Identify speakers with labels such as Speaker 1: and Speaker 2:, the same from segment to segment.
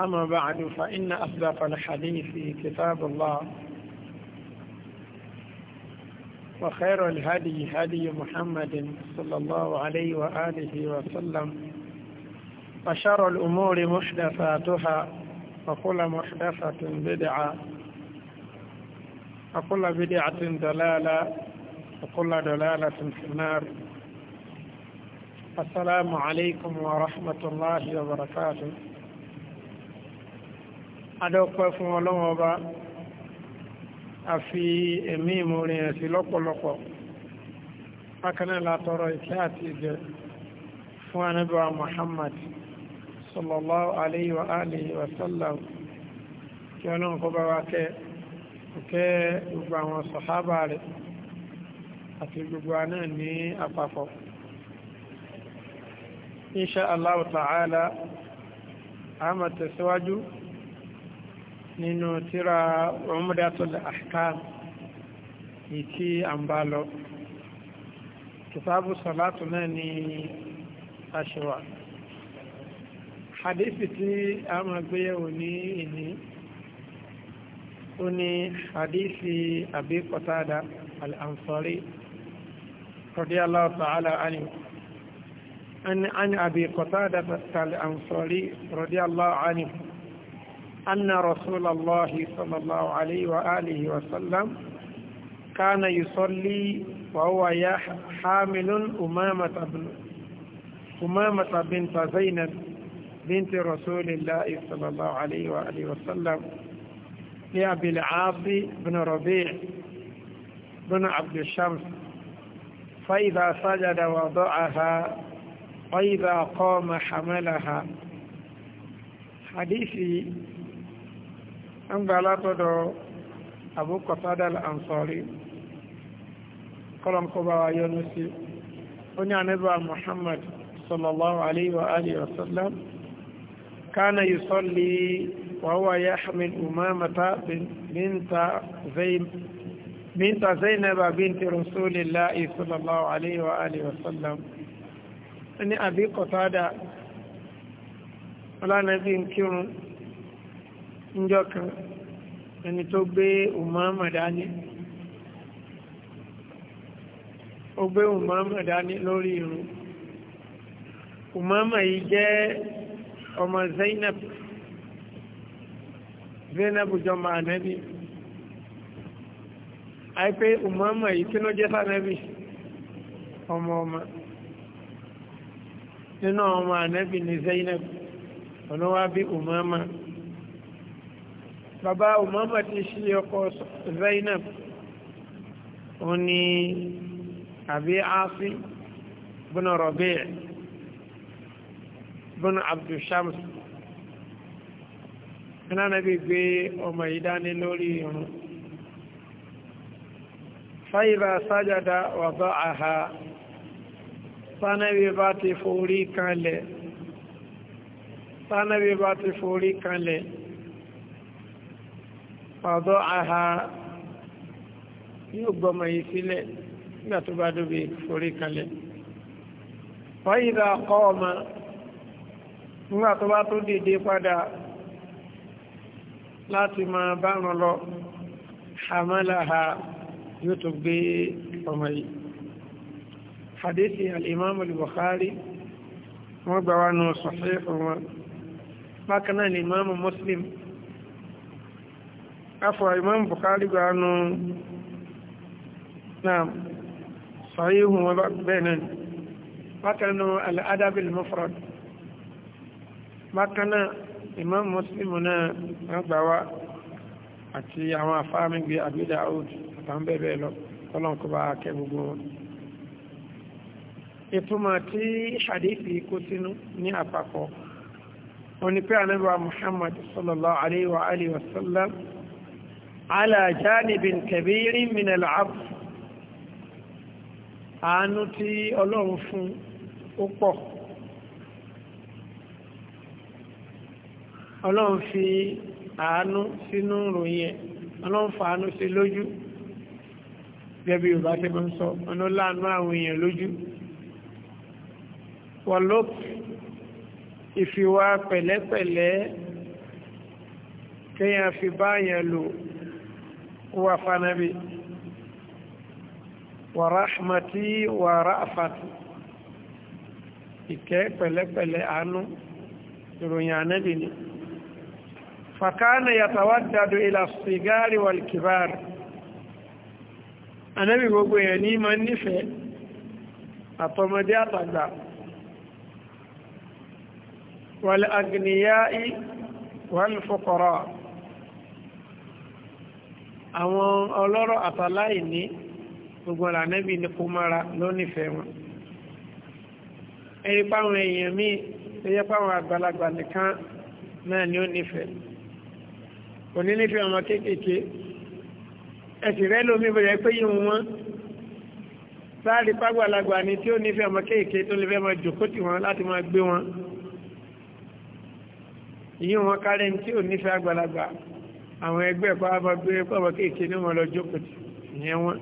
Speaker 1: أما بعد فإن أصدق الحديث كتاب الله وخير الهدي هدي محمد صلى الله عليه وآله وسلم وشر الأمور محدثاتها وكل محدثة بدعة وكل بدعة دلالة وكل دلالة في النار السلام عليكم ورحمة الله وبركاته adọ́pẹ́ fún ọlọ́wọ́ ọba a fi ẹ̀mí ìmúrin ẹ̀sìn lọ́pọ̀lọpọ̀ bákanáà látọrọ ìfẹ́ àti ìgẹ̀ fún anábíwá Muhammad sallallahu alayhi wa alihi wa sallam kí ọlọ́run kó bá wa kẹ́ kẹ́ gbogbo àwọn sàhábà rẹ̀ àti gbogbo àná ní àpapọ̀ insha Allah ta'ala a máa tẹ̀síwájú nínú tíra Umdatul Ahkam ìtí àmbálọ kìtàbù sọ̀látù náà ni aṣèwà hadithi tí a máa gbéyẹ̀wò ní ìní ó ní hadithi Abi Qatada رضي الله تعالى عنه أن عن أبي قتادة الأنصاري رضي الله عنه أن رسول الله صلى الله عليه وآله وسلم كان يصلي وهو حامل أمامة بن أمامة بنت زينب بنت رسول الله صلى الله عليه وآله وسلم لأبي العاص بن ربيع بن عبد الشمس فإذا سجد وضعها وإذا قام حملها حديثي أن بلطد أبو قتادة الأنصاري قال قبا يونسي وني نبي محمد صلى الله عليه وآله وسلم كان يصلي وهو يحمل أمامة بنت زيد بنت زينب بنت رسول الله صلى الله عليه وآله وسلم أن أبي قتادة ولا نبي كيرون نجوك أن تبي أمام داني ọgbẹ́ Umama dání lórí irun Umama yìí jẹ́ ọmọ Zainab Zainab jọmọ Ànábì àìpé umama yìí kí ló jẹ́ sánẹ́bì ọmọ ọmọ nínú ọmọ ànẹ́bì ní Zainab ọ̀nà wá bí umama bàbá umama ti ṣí ọkọ Zainab ó ní àbí áásí bọ́nà Rabi' bọ́nà Abdushams nínú ànẹ́bì gbé ọmọ yìí dání lórí irun fáìbà sájádá wàbá àhá tánàbí bá ti forí kanlẹ̀ tánàbí bá ti forí kanlẹ̀ wàbá àhá yóò gbọmọ yìí sílẹ̀ nígbà tó bá dóbi forí kanlẹ̀ fáìbà kọ́ ọmọ nígbà tó bá tó dìde padà láti máa bá rán lọ hamalaha. ha yóò tó gbé ọmọ yìí hadithi al-imam al-bukhari wọ́n gbà wá nù sahih wọn bákan náà al-imam muslim afọ imam bukhari gbà nù naam sahih wọn bẹ́ẹ̀ náà bákan náà al-adab al-mufrad bákan náà imam muslim náà wọ́n gbà wá àti àwọn afáàmì gbé abi daud àtàwọn bẹ́ẹ̀ bẹ́ẹ̀ lọ ọlọ́run kó bá kẹ́ gbogbo wọn. ìtumọ̀ tí hadithi kó sínú ní àpapọ̀ wọn ni pé ànábì wa muhammad sallallahu alayhi wa alihi wa sallam ala janibin kabirin min al-'abd àánú tí ọlọ́run fún ó pọ̀ ọlọ́run fi àánú sínú ròyìn ọlọ́run fa àánú sí lójú gẹ́bí yorùbá ṣe máa ń sọ ọ̀nà láàánú àwọn èèyàn lójú wọ̀lọ́p ìfiwá pẹ̀lẹ́pẹ̀lẹ́ kéèyàn fi bá yẹn lò wà fanabi wà ráhmàtí wà ráfàtí ìkẹ́ pẹ̀lẹ́pẹ̀lẹ́ àánú ìròyìn ànẹ́bì ni fàkánà yàtàwádàdó ìlàsìgáàrí wàlìkìbáàrí anábì gbogbo èèyàn ní ma nífẹ̀ẹ́ àtọmọdé àtàgbà wàlẹ̀ àgbìnìyà í wàlẹ̀ fọ́kọ̀rọ̀ àwọn ọlọ́rọ̀ àtàláìní gbogbo ànábì ní kó mara ló nífẹ̀ẹ́ wọn ẹni páwọn èèyàn míì tó yẹ páwọn àgbàlagbà nìkan náà ni ó nífẹ̀ẹ́ ẹ̀sìn rẹ̀ lómi bẹ̀rẹ̀ pé yíò wọn sáàrí pàgbàlagbà ni tí ó nífẹ̀ẹ́ ọmọ kéèké tó lè fẹ́ máa jòkó tì wọn láti máa gbé wọn yíò wọn kárẹ́ tí ó nífẹ̀ẹ́ àgbàlagbà àwọn ẹgbẹ́ ẹ̀kọ́ á máa gbé ọmọ kéèké ní wọn lọ jókòó ìyẹn wọn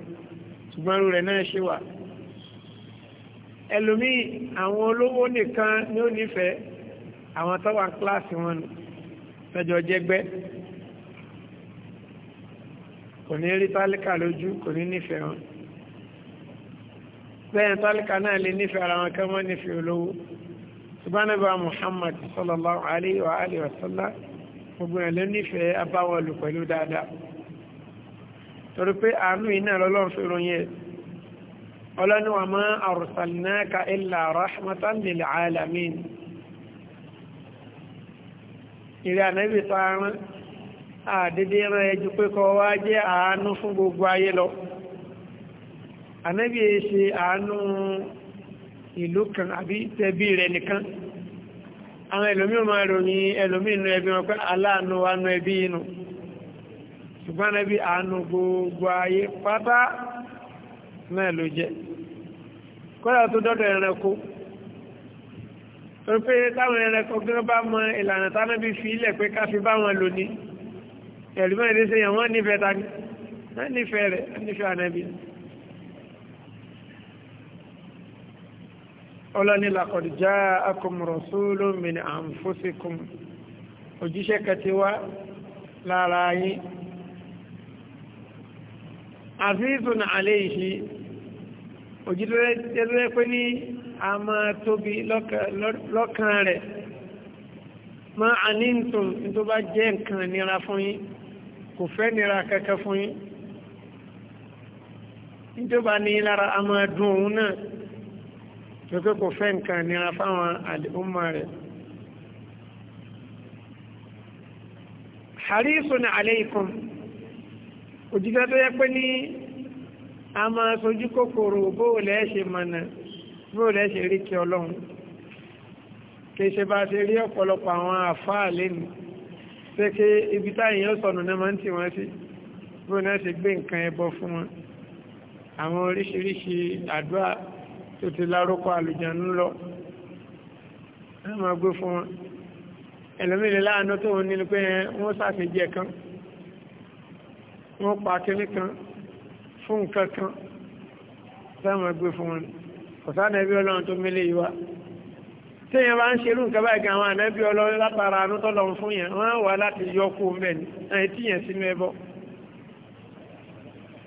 Speaker 1: ṣùgbọ́n rẹ̀ náà ṣe wà ẹlòmíì àwọn olówó nìkan ni ó nífẹ̀ẹ́ àwọn tó wà kíláàsì wọn fẹjọ jẹgbẹ́ kò ní rí tálíkà lójú kò ní nífẹ̀ẹ́ wọn lẹ́yìn tálíkà náà lè nífẹ̀ẹ́ ara wọn kẹ́ mọ́ nífẹ̀ẹ́ olówó ṣùgbọ́n náà bá Muhammad sallallahu alayhi wa alihi wa sallam gbogbo ẹ̀ ló nífẹ̀ẹ́ abáwọlù pẹ̀lú dáadáa torí pé àánú iná lọ́lọ́run àdédé rán ẹjú pé kọ wá jẹ́ àánú fún gbogbo ayé lọ ànábì ṣe àánú ìlú kan àbí tẹbí rẹ nìkan àwọn ẹlòmí ọmọ ìròyìn ẹlòmí inú ẹbí wọn pé aláàánú wa ẹbí inú ṣùgbọ́n ànábì àánú gbogbo ayé pátá náà ló kọ́lá tó dọ́dọ̀ ẹranko pé táwọn ẹranko bá mọ ìlànà tánábì fi ilẹ̀ pé ká fi bá wọn lò ní ẹ̀lùmọ́ ìdí sí yẹn wọ́n nífẹ̀ẹ́ ta ní wọ́n nífẹ̀ẹ́ rẹ̀ nífẹ̀ẹ́ ànábì ọlọ́ni laqad ja'akum rasulun min anfusikum òjíṣẹ́ kẹtì wá lára yín azizun alayhi òjíṣẹ́ pé ní a máa tóbi lọ́kàn rẹ̀ ma àníntùn tó bá jẹ́ nǹkan nira fún yín kò fẹ́ nira kankan fún yín níjọba ní lára a máa dùn òun náà tó pé kò fẹ́ nǹkan nira fáwọn àdìbòmọ́ rẹ̀ harisun aleikum òjìká tó yẹ pé ní a máa sojú kòkòrò bóòlẹ̀ ṣe mọ̀nà bóòlẹ̀ ṣe rí kí ọlọ́run kì í ṣe bá ṣe rí ọ̀pọ̀lọpọ̀ àwọn àfáà lẹ́nu pẹ́kẹ́ ibi táyìn yóò sọ̀nù náà máa ń tì wọ́n sí bó náà ṣe gbé nǹkan ẹbọ fún wọn àwọn oríṣiríṣi àdúrà tó ti lárúkọ àlùjánu lọ wọ́n máa gbé fún wọn ẹlòmílẹ̀ láàánú tó wọn nílùú pé wọ́n sàfihàn kan wọ́n pa kíní kan fún nǹkan kan táwọn máa gbé fún wọn kò sáà náà bí ọlọ́run tó mélé yìí wá téèyàn bá ń ṣerú nǹkan báyìí gan àwọn ànábì ọlọ́run látara àánú tọ́lọ̀ ń fún yẹn wọ́n wà láti yọ kó mẹ́ ni àyè tíyẹn sínú ẹbọ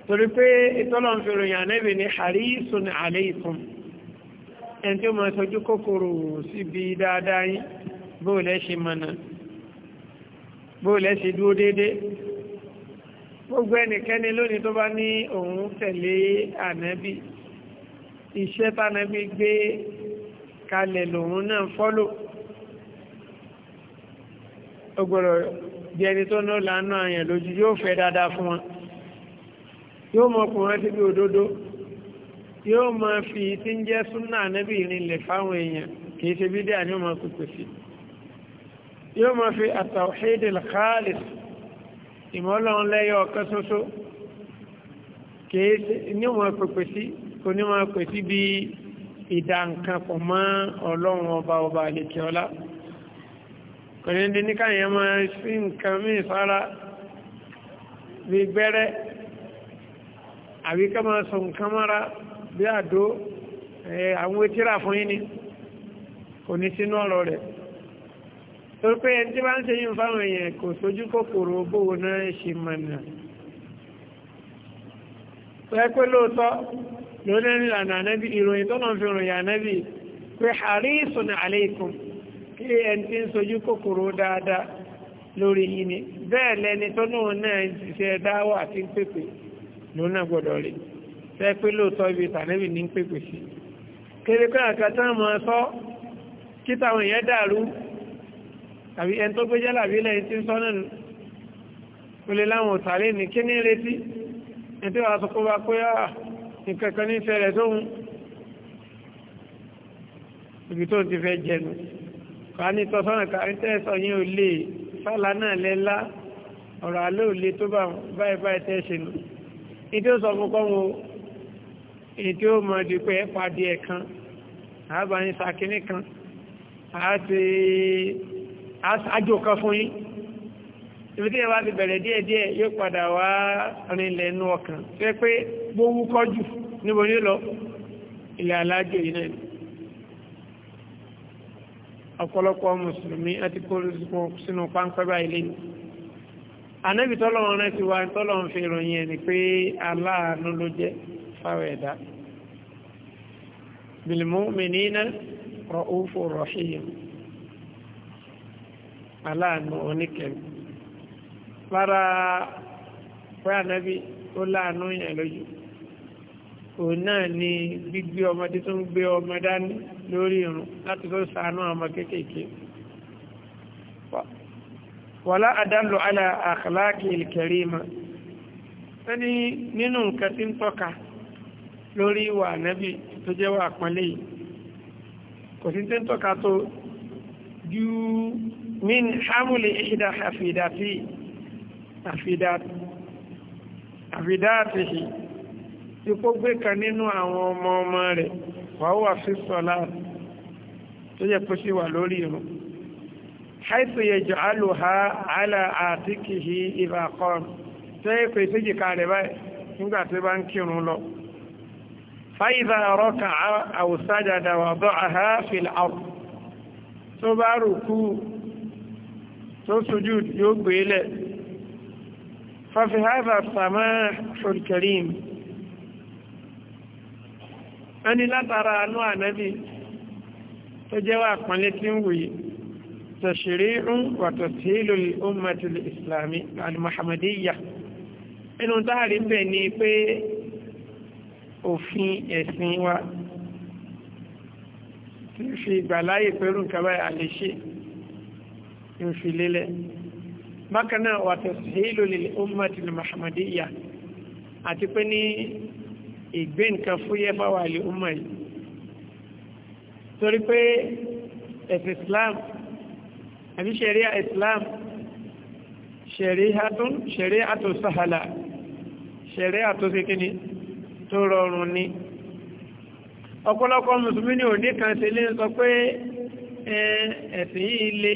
Speaker 1: torí pé ìtọ́lọ̀ ń fèrò yàn ànábì ní harisun aleikum ẹni tí ó máa sojú kòkòrò síbi dáadáa yín bóòlẹ́ ṣe mọ̀nà bóòlẹ́ ṣe dúró déédéé gbogbo ẹnikẹ́ni lónìí tó bá ní òun tẹ̀lé ànábì iṣẹ́ tánábì gbé kalẹ̀ lòun náà fọ́lò ó gbọ́dọ̀ jẹ́ ẹni tó náà lánàá àyàn lójú yóò fẹ́ dáadáa fún wọn yóò mọ ọkùnrin ti bí òdodo yóò mọ fi tí ń jẹ́ súnà níbi ìrìnlẹ̀ fáwọn èèyàn kìí ṣe bídíà ni ó mọ pípè sí yóò mọ fi àtàwọ̀hídìl khalis ìmọ̀lọ́run lẹ́yọ ọ̀kan ṣoṣo kìí ṣe ní ó mọ pípè sí kò ìdá nǹkan mọ́ ọlọ́run ọba ọba àlèkè ọlá kòrìndì ní káyẹ̀ máa sí nǹkan mí fara bí gbẹ́rẹ́ àbí máa sọ nǹkan mọ́ra bí àdó àwọn etíra fún yín ni kò ní sínú ọ̀rọ̀ rẹ̀ tó pé ẹni tí bá ń lórí ìlànà ànábì ìròyìn tó lọ́n fi ròyìn ànábì pé harisun aleikum kí ẹn tí ń sojú kòkòrò dáadáa lórí yìí ni bẹ́ẹ̀ lẹni tó náà náà ń ṣiṣẹ́ dáwà àti ń pèpè ló náà gbọ́dọ̀ rí fẹ́ pé lóòótọ́ ibi tànábì ní ń pèpè sí kéré pé àkàtà mọ́ sọ kí táwọn èèyàn dàrú àbí ẹni tó gbé jẹ́ làbí lẹ́yìn tí ń sọ náà ó lè láwọn òtàlẹ́ ní kí ní retí ẹni nǹkan kan ní ṣẹlẹ̀ sóhun ibi tó ti fẹ́ jẹnu ká ní tọ́sọ́nà ká tẹ́sọ̀ yín ò lè sálà náà lẹ́lá ọ̀rọ̀ alẹ́ ò lè tó báyìí báyìí tẹ́ ṣe nù ní tí ó sọ fún kọ́mọ èyí tí ó mọ̀ di pé ẹ pàdé ẹ̀ kan àbáyín sàkíní kan àti àjò kan fún yín ibi tí ẹ bá ti bẹ̀rẹ̀ díẹ̀díẹ̀ yóò padà wá rinlẹ̀ inú ọkàn fẹ́ pé gbówú kọjú níbo ní lọ ilẹ̀ alájò yìí náà ọ̀pọ̀lọpọ̀ mùsùlùmí àti kólùsùkò sínú páńpẹ́ báyìí lé ànábì tọ́lọ́run rẹ̀ ti wá tọ́lọ́run fi ìròyìn ẹ̀ pé aláàánú ló jẹ́ fáwọn ẹ̀dá bilmu'minina ra'ufur rahim aláàánú oníkẹ̀ẹ́ lára pé ànábì ó láàánú yàn lójú òun náà ni gbígbé ọmọdé tó ń gbé ọmọ dání lórí irun láti tó sàánú ọmọ kéékèèké wàlá àdálò alá àkàlákì ìlkẹ̀ríma ẹni nínú nǹkan tí ń tọ́ka lórí ìwà ànábì tó jẹ́wọ́ àpọ́nlé yìí kò sí tí ń tọ́ka tó ju min hamuli ìṣìdá àfìdá sí i àfidáàtìhì tí kó gbé kan nínú àwọn ọmọ ọmọ rẹ̀ wà ó wà fi sọ́lá tó yẹ kó sí wà lórí irun haitu yẹ jọ alùhá alà àtíkìhì ìbàkọ́n tó yẹ kó ìtìjì ká rẹ̀ báyìí nígbà tó bá ń kírun lọ fáìdà rọ́kà àwùsájàdà wà bọ́ àhá fìlàáwù tó bá rùkú tó sujúd yóò gbé lẹ̀ ففي هذا السماح الكريم ẹni látara anú ànábì tó jẹ́wà pàlẹ́ tí ń wùyí tàṣírí ń wàtà tí ìlú ummatul islami al-muhammadiyya inú táàrí bẹ̀ ni pé òfin ẹ̀sìn wa tí fi ìgbàláyè pẹ̀lú kàbáyà lè ṣe ń fi lélẹ̀ bákaná wàtẹ̀síhìlò lè ummati al-muhammadiyya àti pé ní ìgbé nǹkan fúyẹ́ bá wà lè umma yìí torí pé ẹ̀sìn islam àbí ṣẹ̀ríà islam ṣẹ̀ríàtún ṣẹ̀ríàtún sáhàlà ṣẹ̀ríàtún sí kíni tó rọrùn ni ọ̀pọ̀lọpọ̀ mùsùlùmí ni òní kan ṣe lé sọ pé ẹ̀sìn yìí le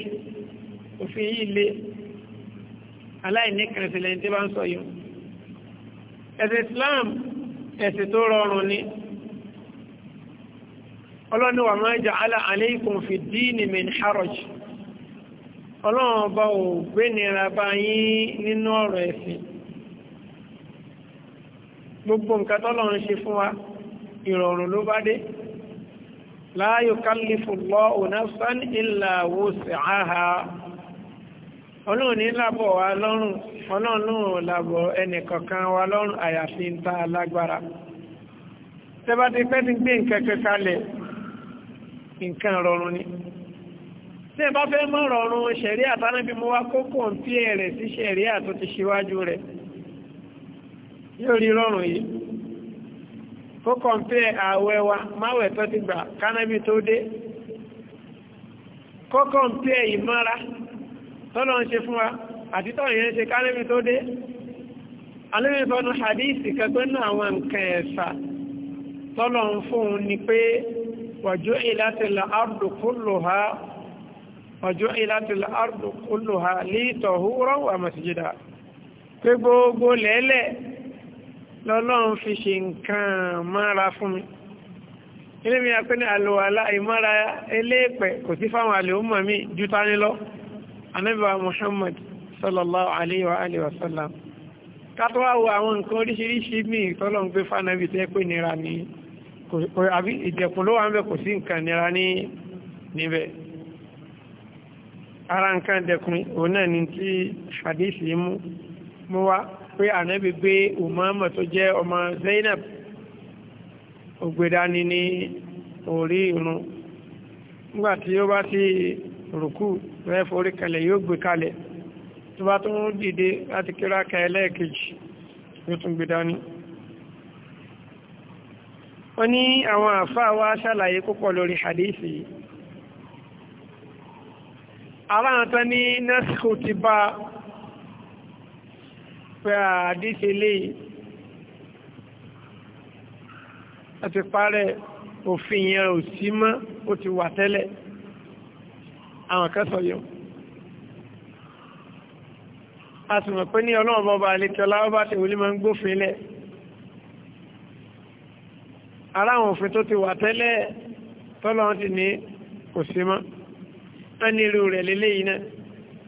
Speaker 1: òfin yìí le aláìní kẹrìsìlẹ̀ tí bá ń sọ yìí ẹ̀sìn Islam ẹ̀sìn tó rọrùn ni ọlọ́ni wà máa jẹ́ alá aleikum fi díìnì min haraj ọlọ́run ọba ò gbénira bá yín nínú ọ̀rọ̀ ẹ̀sìn gbogbo nǹkan tọ́lọ́run ṣe fún wa ìrọ̀rùn ló bá dé la yukallifu Allahu nafsan illa wus'aha ọlọ́run ní lábọ̀ wa lọ́rùn ọlọ́run lábọ̀ ẹnìkọ̀kan wa lọ́rùn àyàfi ń ta alágbára tẹ́bá ti pẹ́ ti gbé nǹkan kẹkalẹ̀ nǹkan rọrùn ni tí ẹ bá fẹ́ mọ́ rọrùn ṣẹ̀rí àtànábí mo wá kókò ń pí ẹ̀rẹ̀ sí ṣẹ̀rí àtò ti ṣíwájú rẹ̀ yóò rí rọrùn yìí kókò ń pí ààwẹ̀ wa máwẹ̀ tó ti gbà kánábí tó dé kókò ń pí ìmọ́ra tọ́lọ ń ṣe fún wa àti tọ́ ìyẹn ṣe kálẹ́mì tó dé alẹ́mìsọ́nù hadithi kẹgbẹ́ náà àwọn nǹkan ẹ̀fà tọ́lọ ń fún ni pé wàjú ìlàtìlà ardu kulluha lítọ̀húrọ̀ wà masjida pé gbogbo lẹ́lẹ̀ lọ́lọ́run fi ṣe nǹkan mọ́ra fún mi ilé mi a pé ní àlòwàlá ìmọ́ra eléèpẹ̀ kò sí fáwọn àlè ó mọ̀ mí jù anábíwá Muhammad sallallahu alayhi wa alayhi wa sallam kátọ́wà wo àwọn nǹkan oríṣiríṣi míì tọ́lọ̀ ń gbé fánàbí tẹ́ pé nira ní àbí ìdẹ̀kùn ló wà ń bẹ̀ kò sí nǹkan nira ní níbẹ̀ ara nǹkan dẹ̀kùn òun náà tí hadisi mú wá pé ànábì gbé Umama tó jẹ́ ọmọ Zainab ògbèdání ní orí irun nígbà ó bá ti rùkú rẹ̀ forí kalẹ̀ yóò gbé kalẹ̀ tó bá tún dìde láti kíra ka ẹlẹ́ẹ̀kejì yóò tún gbé dání ó ní àwọn àfáà wa ṣàlàyé púpọ̀ lórí hadisi yìí aláàtọ́ ní nẹ́sìkò ti bá pé àdíṣe lè àti parẹ́ òfin yẹn ò sí ó ti wà tẹ́lẹ̀ àwọn kan sọ yóò a sì mọ̀ pé ní ọlọ́run bọba àlejọ́lá ọba ti wòlé máa ń gbófin lẹ̀ ara àwọn òfin tó ti wà tẹ́lẹ̀ tọ́lọ́run ti ní kò sí mọ́ wọ́n irú rẹ̀ lélẹ́yìn náà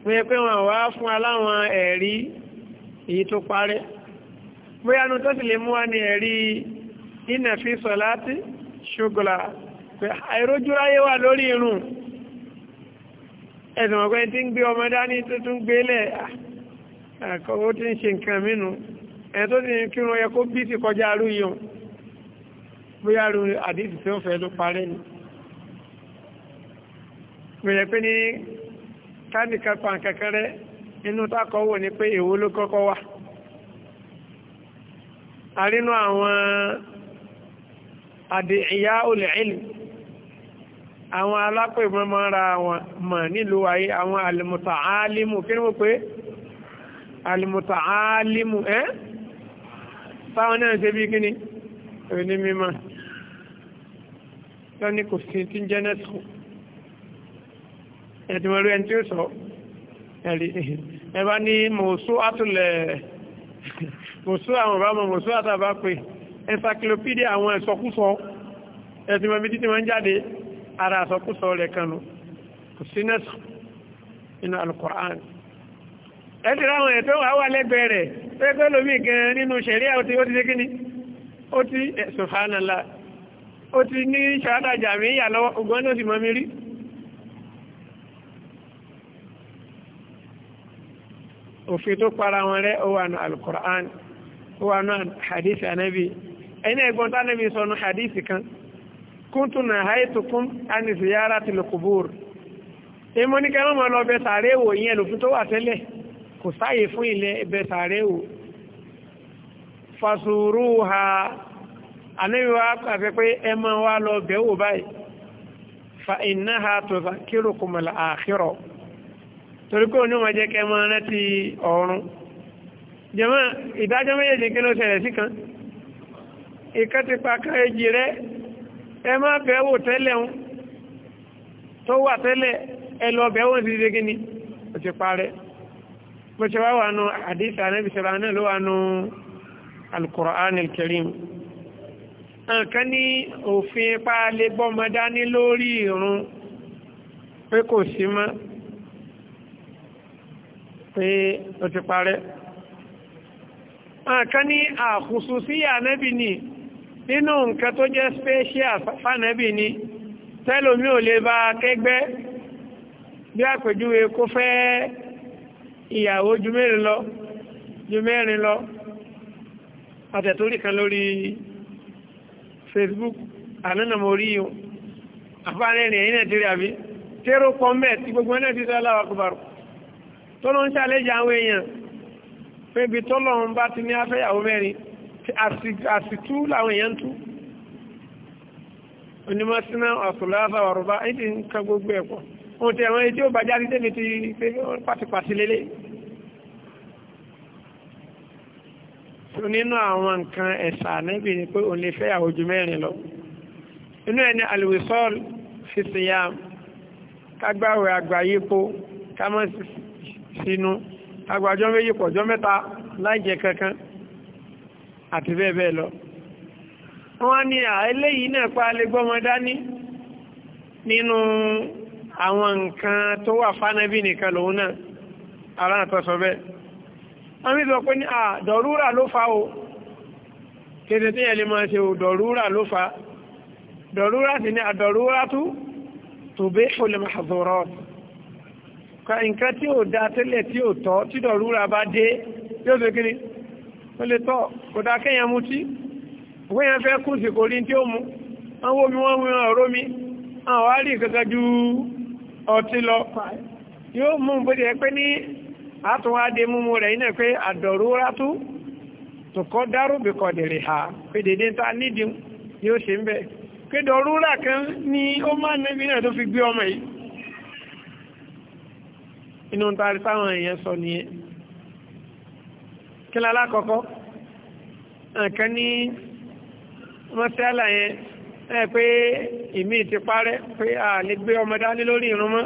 Speaker 1: wọ́n yẹ pé wọ́n wá fún aláwọn ẹ̀rí èyí tó parẹ́ bóyá nu tó sì lè mú wa ní ẹ̀rí ìnàfíìsọ̀ láti ṣúgọ́lá pé àìrójúráyé wà lórí irun ẹ̀sùn ọ̀gbẹ́ tí ń gbé ọmọ dání tuntun gbélẹ̀ àkọ́wọ́ tí ń ṣe nǹkan mínú ẹ̀ tó ti kí wọ́n yẹ kó bí ti kọjá arú yìí bóyá arú àdìsí tí ó fẹ́ ló parẹ́ ni gbèrè pé ní káàdìkà pa kẹkẹrẹ inú tákọ̀ wò pé èwo ló kọ́kọ́ wà àrínú àwọn àwọn alápèmọ́ máa ra wọn mọ̀ nílùú ayé àwọn alìmọ̀tà álímù kí ní wọ́n pé alìmọ̀tà álímù ẹ́ táwọn náà ṣe bí kíní òní mímọ̀ lọ́ní kò sí tí ń jẹ́ nẹ́sù ẹ̀dùnmọ̀rú ẹni tí ó sọ ẹ̀bá ní ara àsọkúsọ rẹ̀ kanu kò sí nẹ́sù inú alukur'an ẹ̀dì ráwọn ẹ̀tọ́ wà wà lẹ́gbẹ̀ẹ́ rẹ̀ pẹ́pẹ́ lómi gan nínú ṣẹ̀ríà ó ti ó ti ṣe kíní ó ti eh, subhanallah ó ti ní ṣàdájà mi yà lọ́wọ́ ogun ní ó sì rí òfin tó para wọn rẹ̀ ó wà ní alukur'an ó wà ní hadith anabi ẹni ẹ̀gbọ́n tánàbí sọ ní hadith kan kúntù nà háìtùkún àni ziyara ti lè kùbúrù èmọ́ ní kẹ́rọ mọ́ lọ bẹ sàárè wò yẹn lòfin tó wà tẹ́lẹ̀ kò sáyè fún ilẹ̀ bẹ sàárè wò fàṣùrù ha anáwíwá pàṣẹ pé ẹ máa wá lọ bẹ̀ wò báyìí fa iná ha tó fa kírò kùmọ̀lá àkírọ̀ torí pé onímọ̀ jẹ́ kẹ́ máa rántí ọ̀run jẹ́mọ́ ìdájọ́ méjèèjì kí ló ṣẹlẹ̀ kan ìkẹ́ pa kan èjì ẹ má bẹ̀wò tẹ́lẹ̀ ń tó wà tẹ́lẹ̀ ẹ lọ bẹ̀wò sí ṣe gíní ó ti parẹ́ bó ṣe wá wà nù àdísà náà bìṣẹ́ ránà ló wà nù Al-Qur'an al-Karim nǹkan ní òfin pa lè gbọ́mọ dání lórí ìrun pé kò sí mọ́ pé ó ti parẹ́ nǹkan ní àkùsù sí ànẹ́bì nìí nínú nǹkan tó jẹ́ special fánẹ́bì ni tẹ́lòmí ò lè bá kẹ́gbẹ́ bí àpèjúwe kó fẹ́ ìyàwó ju lọ ju lọ àtẹ̀tórí kan lórí Facebook ànánà mo rí yíò àfáàrẹ́rìn ẹ̀yìn nàìjíríà bí tẹ́rọ pọ̀ mẹ́ tí gbogbo ẹ̀nà ti sọ́lá wa kọbàrù tó lọ ń ṣàlẹ́jà àwọn èèyàn pé ibi tọ́lọ́run bá ti ní afẹ́yàwó mẹ́rin àsìtú láwọn èèyàn tú onímọ̀síná ọ̀sùnláàbà ọ̀rọ̀bá ìdí nǹkan gbogbo ẹ̀pọ̀ ohun tí àwọn ẹjọ́ bàjá rí débi ti pé pàtìpàtì lélẹ̀ tó nínú àwọn nǹkan ẹ̀sà níbi ni pé òun lè fẹ́ àwòjú mẹ́rin lọ inú ẹni àlùwẹ̀sọ́ọ̀lù fìsìyà kágbáwẹ̀ àgbáyépo kámọ́ sínú mẹ́ta láìjẹ kankan àti bẹ́ẹ̀ bẹ́ẹ̀ lọ wọ́n ní eléyìí náà pa lè gbọ́mọ dání nínú àwọn nǹkan tó wà fánẹ́bí nìkan lòun náà ara àtọ́sọ bẹ́ẹ̀ wọ́n mi sọ pé ní àdọ̀rúrà ló fa o kéde tí yẹn lè máa ṣe o dọ̀rúrà ló fa dọ̀rúrà sì ní àdọ̀rúrà tú tòbí ìfòlẹ̀mọ̀ àzọ̀rọ̀ nǹkan tí ò dá tẹ́lẹ̀ tí ò tọ́ tí dọ̀rúrà bá dé yóò fẹ́ kiri ó lè tọ́ kódà kéèyàn mu tí kéèyàn fẹ́ kùn sí kò rí tí ó mu wọ́n wó mi wọ́n mú wọn ọ̀rọ̀ mi àwọn wá rí kankan ju ọtí lọ yóò mú bó ti yẹ pé ní àtúnwádé múmu rẹ̀ iná pé àdọ̀rúra tú tòkọ́ dárú bìkọ̀ dèrè ha pé dédé ta nídìí yóò ṣe ń bẹ̀ pé dọ̀rúra kan ni ó máa nẹ́bí náà tó fi gbé ọmọ yìí inú ta táwọn èèyàn sọ nìyẹn kí lálá kọ́kọ́ nǹkan ní mọ́sálà yẹn ẹ pé ìmí ti parẹ́ pé a lè gbé ọmọ dání lórí ìrun mọ́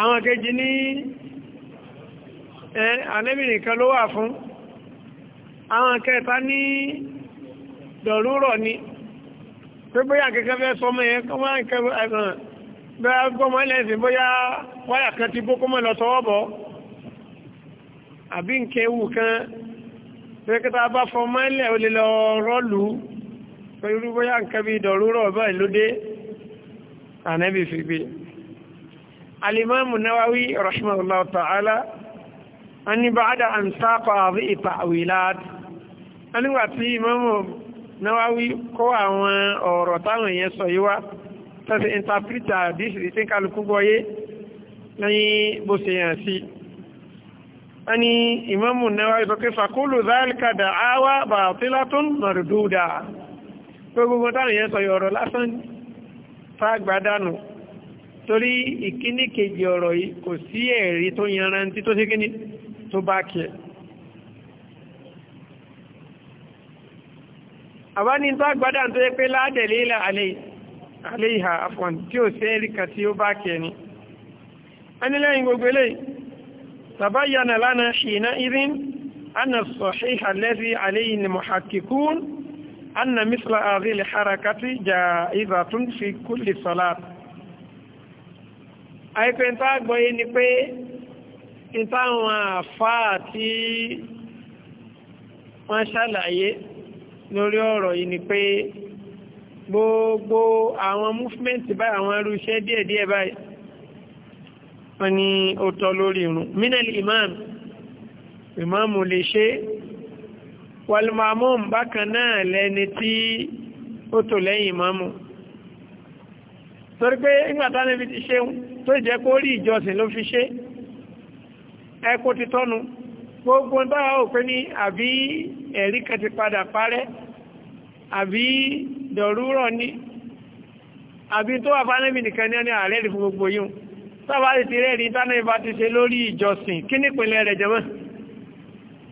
Speaker 1: àwọn kejì ní ẹ ànábì nìkan ló wà fún àwọn kẹta ní dọ̀rúrọ̀ ni pé bóyá kẹ́kẹ́ fẹ́ sọmọ yẹn kọ́ máa ń kẹ́ bóyá gbọ́mọ ilẹ̀ ìsìn bóyá wáyà kan ti bó kó lọ sọ́wọ́ àbí nǹkan ewu kan pẹ́kẹ́ta bá fọ mọ́lẹ̀ ó lè lọ rọ́lù pẹ̀lú bóyá nǹkan bí ìdọ̀rúrọ̀ báyìí ló ànẹ́bì fi gbé alimamu nawawi rahimahullahu ta'ala a ní bá dá an sápa àbí ìtàwìláàdì a tí imamu nawawi kó àwọn ọ̀rọ̀ táwọn èèyàn sọ yíwá tẹ́sí interpreter bí ìsìnkálukú gbọ́yé lẹ́yìn bó ṣe yàn sí ẹni imamu Nawawi sọ pé fàkúlù záìlìkà dà áwá bàtílátún mọ̀rùdúdà pé gbogbo táwọn yẹn sọ ọ̀rọ̀ lásán fàgbádánù torí ìkíní kejì ọ̀rọ̀ yìí kò sí ẹ̀rí tó yanrantí tó sí kíní tó bá kí ẹ̀ àbá ní ni. a ní lẹ́yìn gbogbo eléyìí تبين لنا حينئذ أن الصحيح الذي عليه المحققون أن مثل هذه الحركة جائزة في كل صلاة àìpẹ́ tá gbọ́yé ni pé ìtàwọn àfáà tí wọ́n ṣàlàyé lórí ọ̀rọ̀ yìí ni pé gbogbo àwọn múfímẹ́ntì báyìí àwọn irúṣẹ́ díẹ̀díẹ̀ báyìí wọ́n ní ó tọ́ lórí irun minel imam imam lè ṣe walmamum bákan náà lẹni tí ó tò lẹ́yìn imam torí pé nígbàtá níbi ti ṣe tó jẹ́ kó rí ìjọsìn ló fi ṣe ẹkó ti tọ́nu gbogbo dára òpin ní àbí ẹ̀rí kan padà parẹ́ àbí dọ̀rúrọ̀ ní àbí tó wà fánẹ́bì nìkan ní ààrẹ ìfún gbogbo yìí sábà ti rẹ̀ rí tánà ìbá ti ṣe lórí ìjọsìn kí nípínlẹ̀ rẹ̀ jẹ́mọ́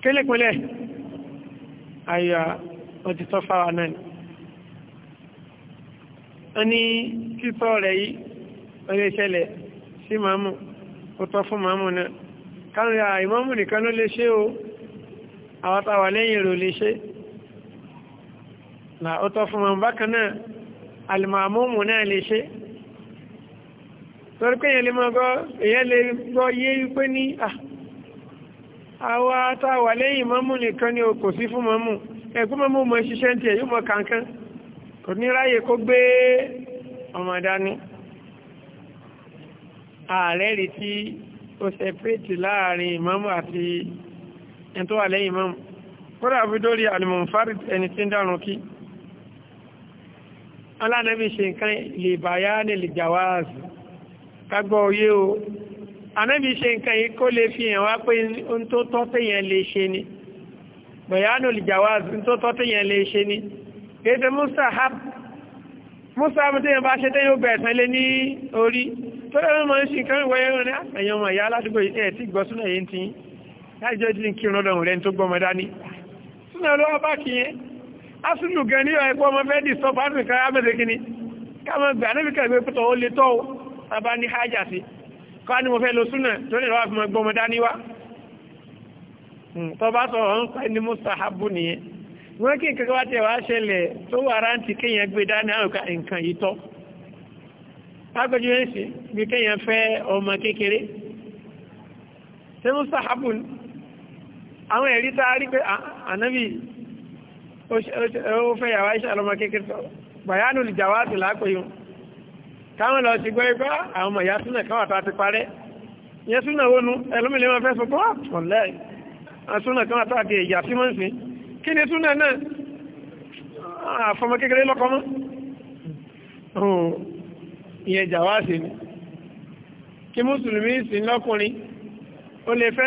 Speaker 1: kí nípínlẹ̀ àyà òtítọ́ fara náà a ní títọ́ rẹ̀ yìí ọlẹ́ ìṣẹ̀lẹ̀ sí màmú ó tọ́ fún màmú náà káàrin àìmọ́mù nìkan ló lè ṣe o àwọn lẹ́yìn rò lè ṣe na fún màmú bákan náà alìmọ̀mù náà lè ṣe torí pé èyàn lè mọ́ gọ́ èyàn lè gbọ́ yé wípé ní ah, àwọn àtàwà lẹ́yìn mọ́mù nìkan ni o kò sí fún mọ́mù ẹ̀kún mọ́mù mọ́ ṣiṣẹ́ tí ẹ̀yún mọ́ kankan kò ní ráyè kó gbé ọmọ dání ààrẹ rí tí ó sẹpẹ́tì láàrin mọ́mù àti ẹni tó wà lẹ́yìn mọ́mù kódà fi dórí àlùmọ̀fárì ẹni tí ń dárun kí kagbọ́ oyé o anábi ṣe nǹkan yìí kó lè fi hàn wá pé ohun tó tọ́ téèyàn lè ṣe ni bẹ̀yánù ìjàwáz ohun tó tọ́ téèyàn lè ṣe ni kéde mustahab mustahab téèyàn bá ṣe téèyàn bẹ̀rẹ̀ tán lé ní orí tó lẹ́nu mọ̀ ń ṣe nǹkan ìwọ̀ ẹ̀rọ ní àyàn ah, ọmọ ìyá aládùúgbò ẹ̀ tí gbọ́ súnà yìí ti ẹ̀kọ́ ọmọ fẹ́ dì sọ́pù áfíríkà ábẹ́sẹ̀kíní káwọn gbà níbi kẹgbẹ́ pẹ̀tọ̀ ó le tọ́ tàbá ní hajjá sí ká ní mo fẹ́ lo súnà tó lè rọ́wà fi mọ́ gbọmọ dání wá hmm, tó bá sọ̀rọ̀ ń pẹ́ ní mustahabu nìyẹn wọ́n kí nǹkan wá tẹ̀ wá ṣẹlẹ̀ tó wà rántí kéèyàn gbé dání àrùkà nǹkan yìí tọ́ lágbẹ́jú ẹ̀ sí bí ọmọ kékeré ṣe mustahabu ni àwọn ẹ̀rí tá káwọn lọ ti gbọ́ ipá àwọn ọmọ ìyá súnà káwọn àtà ti parẹ́ ìyẹn súnà wónú ẹlòmílẹ̀ máa fẹ́ sọ pé ah, wọ́n lẹ́ẹ̀ súnà káwọn àtà di ìyà sí mọ́ sí kí ni súnà náà ah, àfọmọ kékeré lọ́kọ́ mọ́ ìyẹn jàwáàsì ni kí mùsùlùmí sì lọ́kùnrin ó lè fẹ́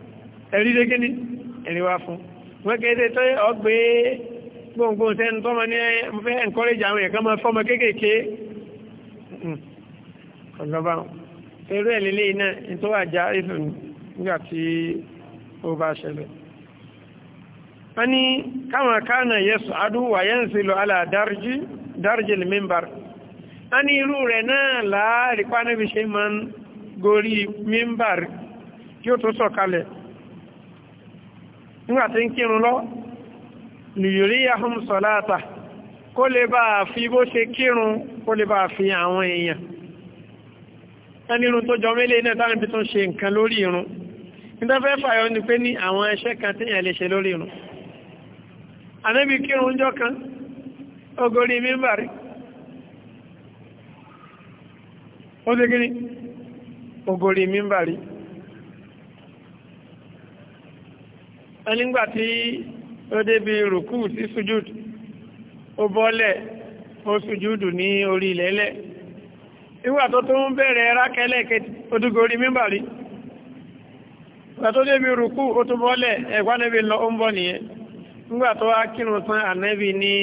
Speaker 1: ẹ̀rí dé kíní ẹ̀rí wá fún wọ́n kéde tó ọgbẹ́ gbóngbóng tẹ́nu tó mọ́ ní mo fẹ́ encourage àwọn èèyàn kan máa fọ́mọ kéékèèké ọ̀gbọ́n eré ẹ̀lẹ́lẹ́ iná tó wà já ìfẹ́ nígbà tí ó bá ṣẹlẹ̀ wọ́n ní káwọn kánà yẹsù adúwà yẹn sí lọ alà dárjì mímbàr wọ́n ní irú rẹ̀ náà láàrín pánábi ṣe máa ń gorí mímbàr kí ó tó sọ̀kalẹ̀ nígbà tí ń kírun lọ lìyòríyàhùn sọ̀láta kó lè bá fi bó ṣe kírun kó lè bá fi àwọn èèyàn ẹnirun tó jọ mélé náà tánà bí tó ń ṣe nǹkan lórí irun nítafẹ́ fàyọ ni pé ní àwọn ẹṣẹ́ kan tí èèyàn lè ṣe lórí irun ànábì kírun jọ kan ogori mímbàrí ó ti kí ni mímbàrí ẹni gbà tí ó débi rùkú sí sujud ó bọ́lẹ̀ ó sujúdù ní orí ilẹ̀ẹ́lẹ̀ ìwà tó tó ń bẹ̀rẹ̀ rákẹ́lẹ̀ odúgorí mímbàrí ìgbà tó débi rùkú ó tó bọ́lẹ̀ ẹ̀gbá lọ ó ń bọ̀ nìyẹn nígbà tó san ànẹ́bì ní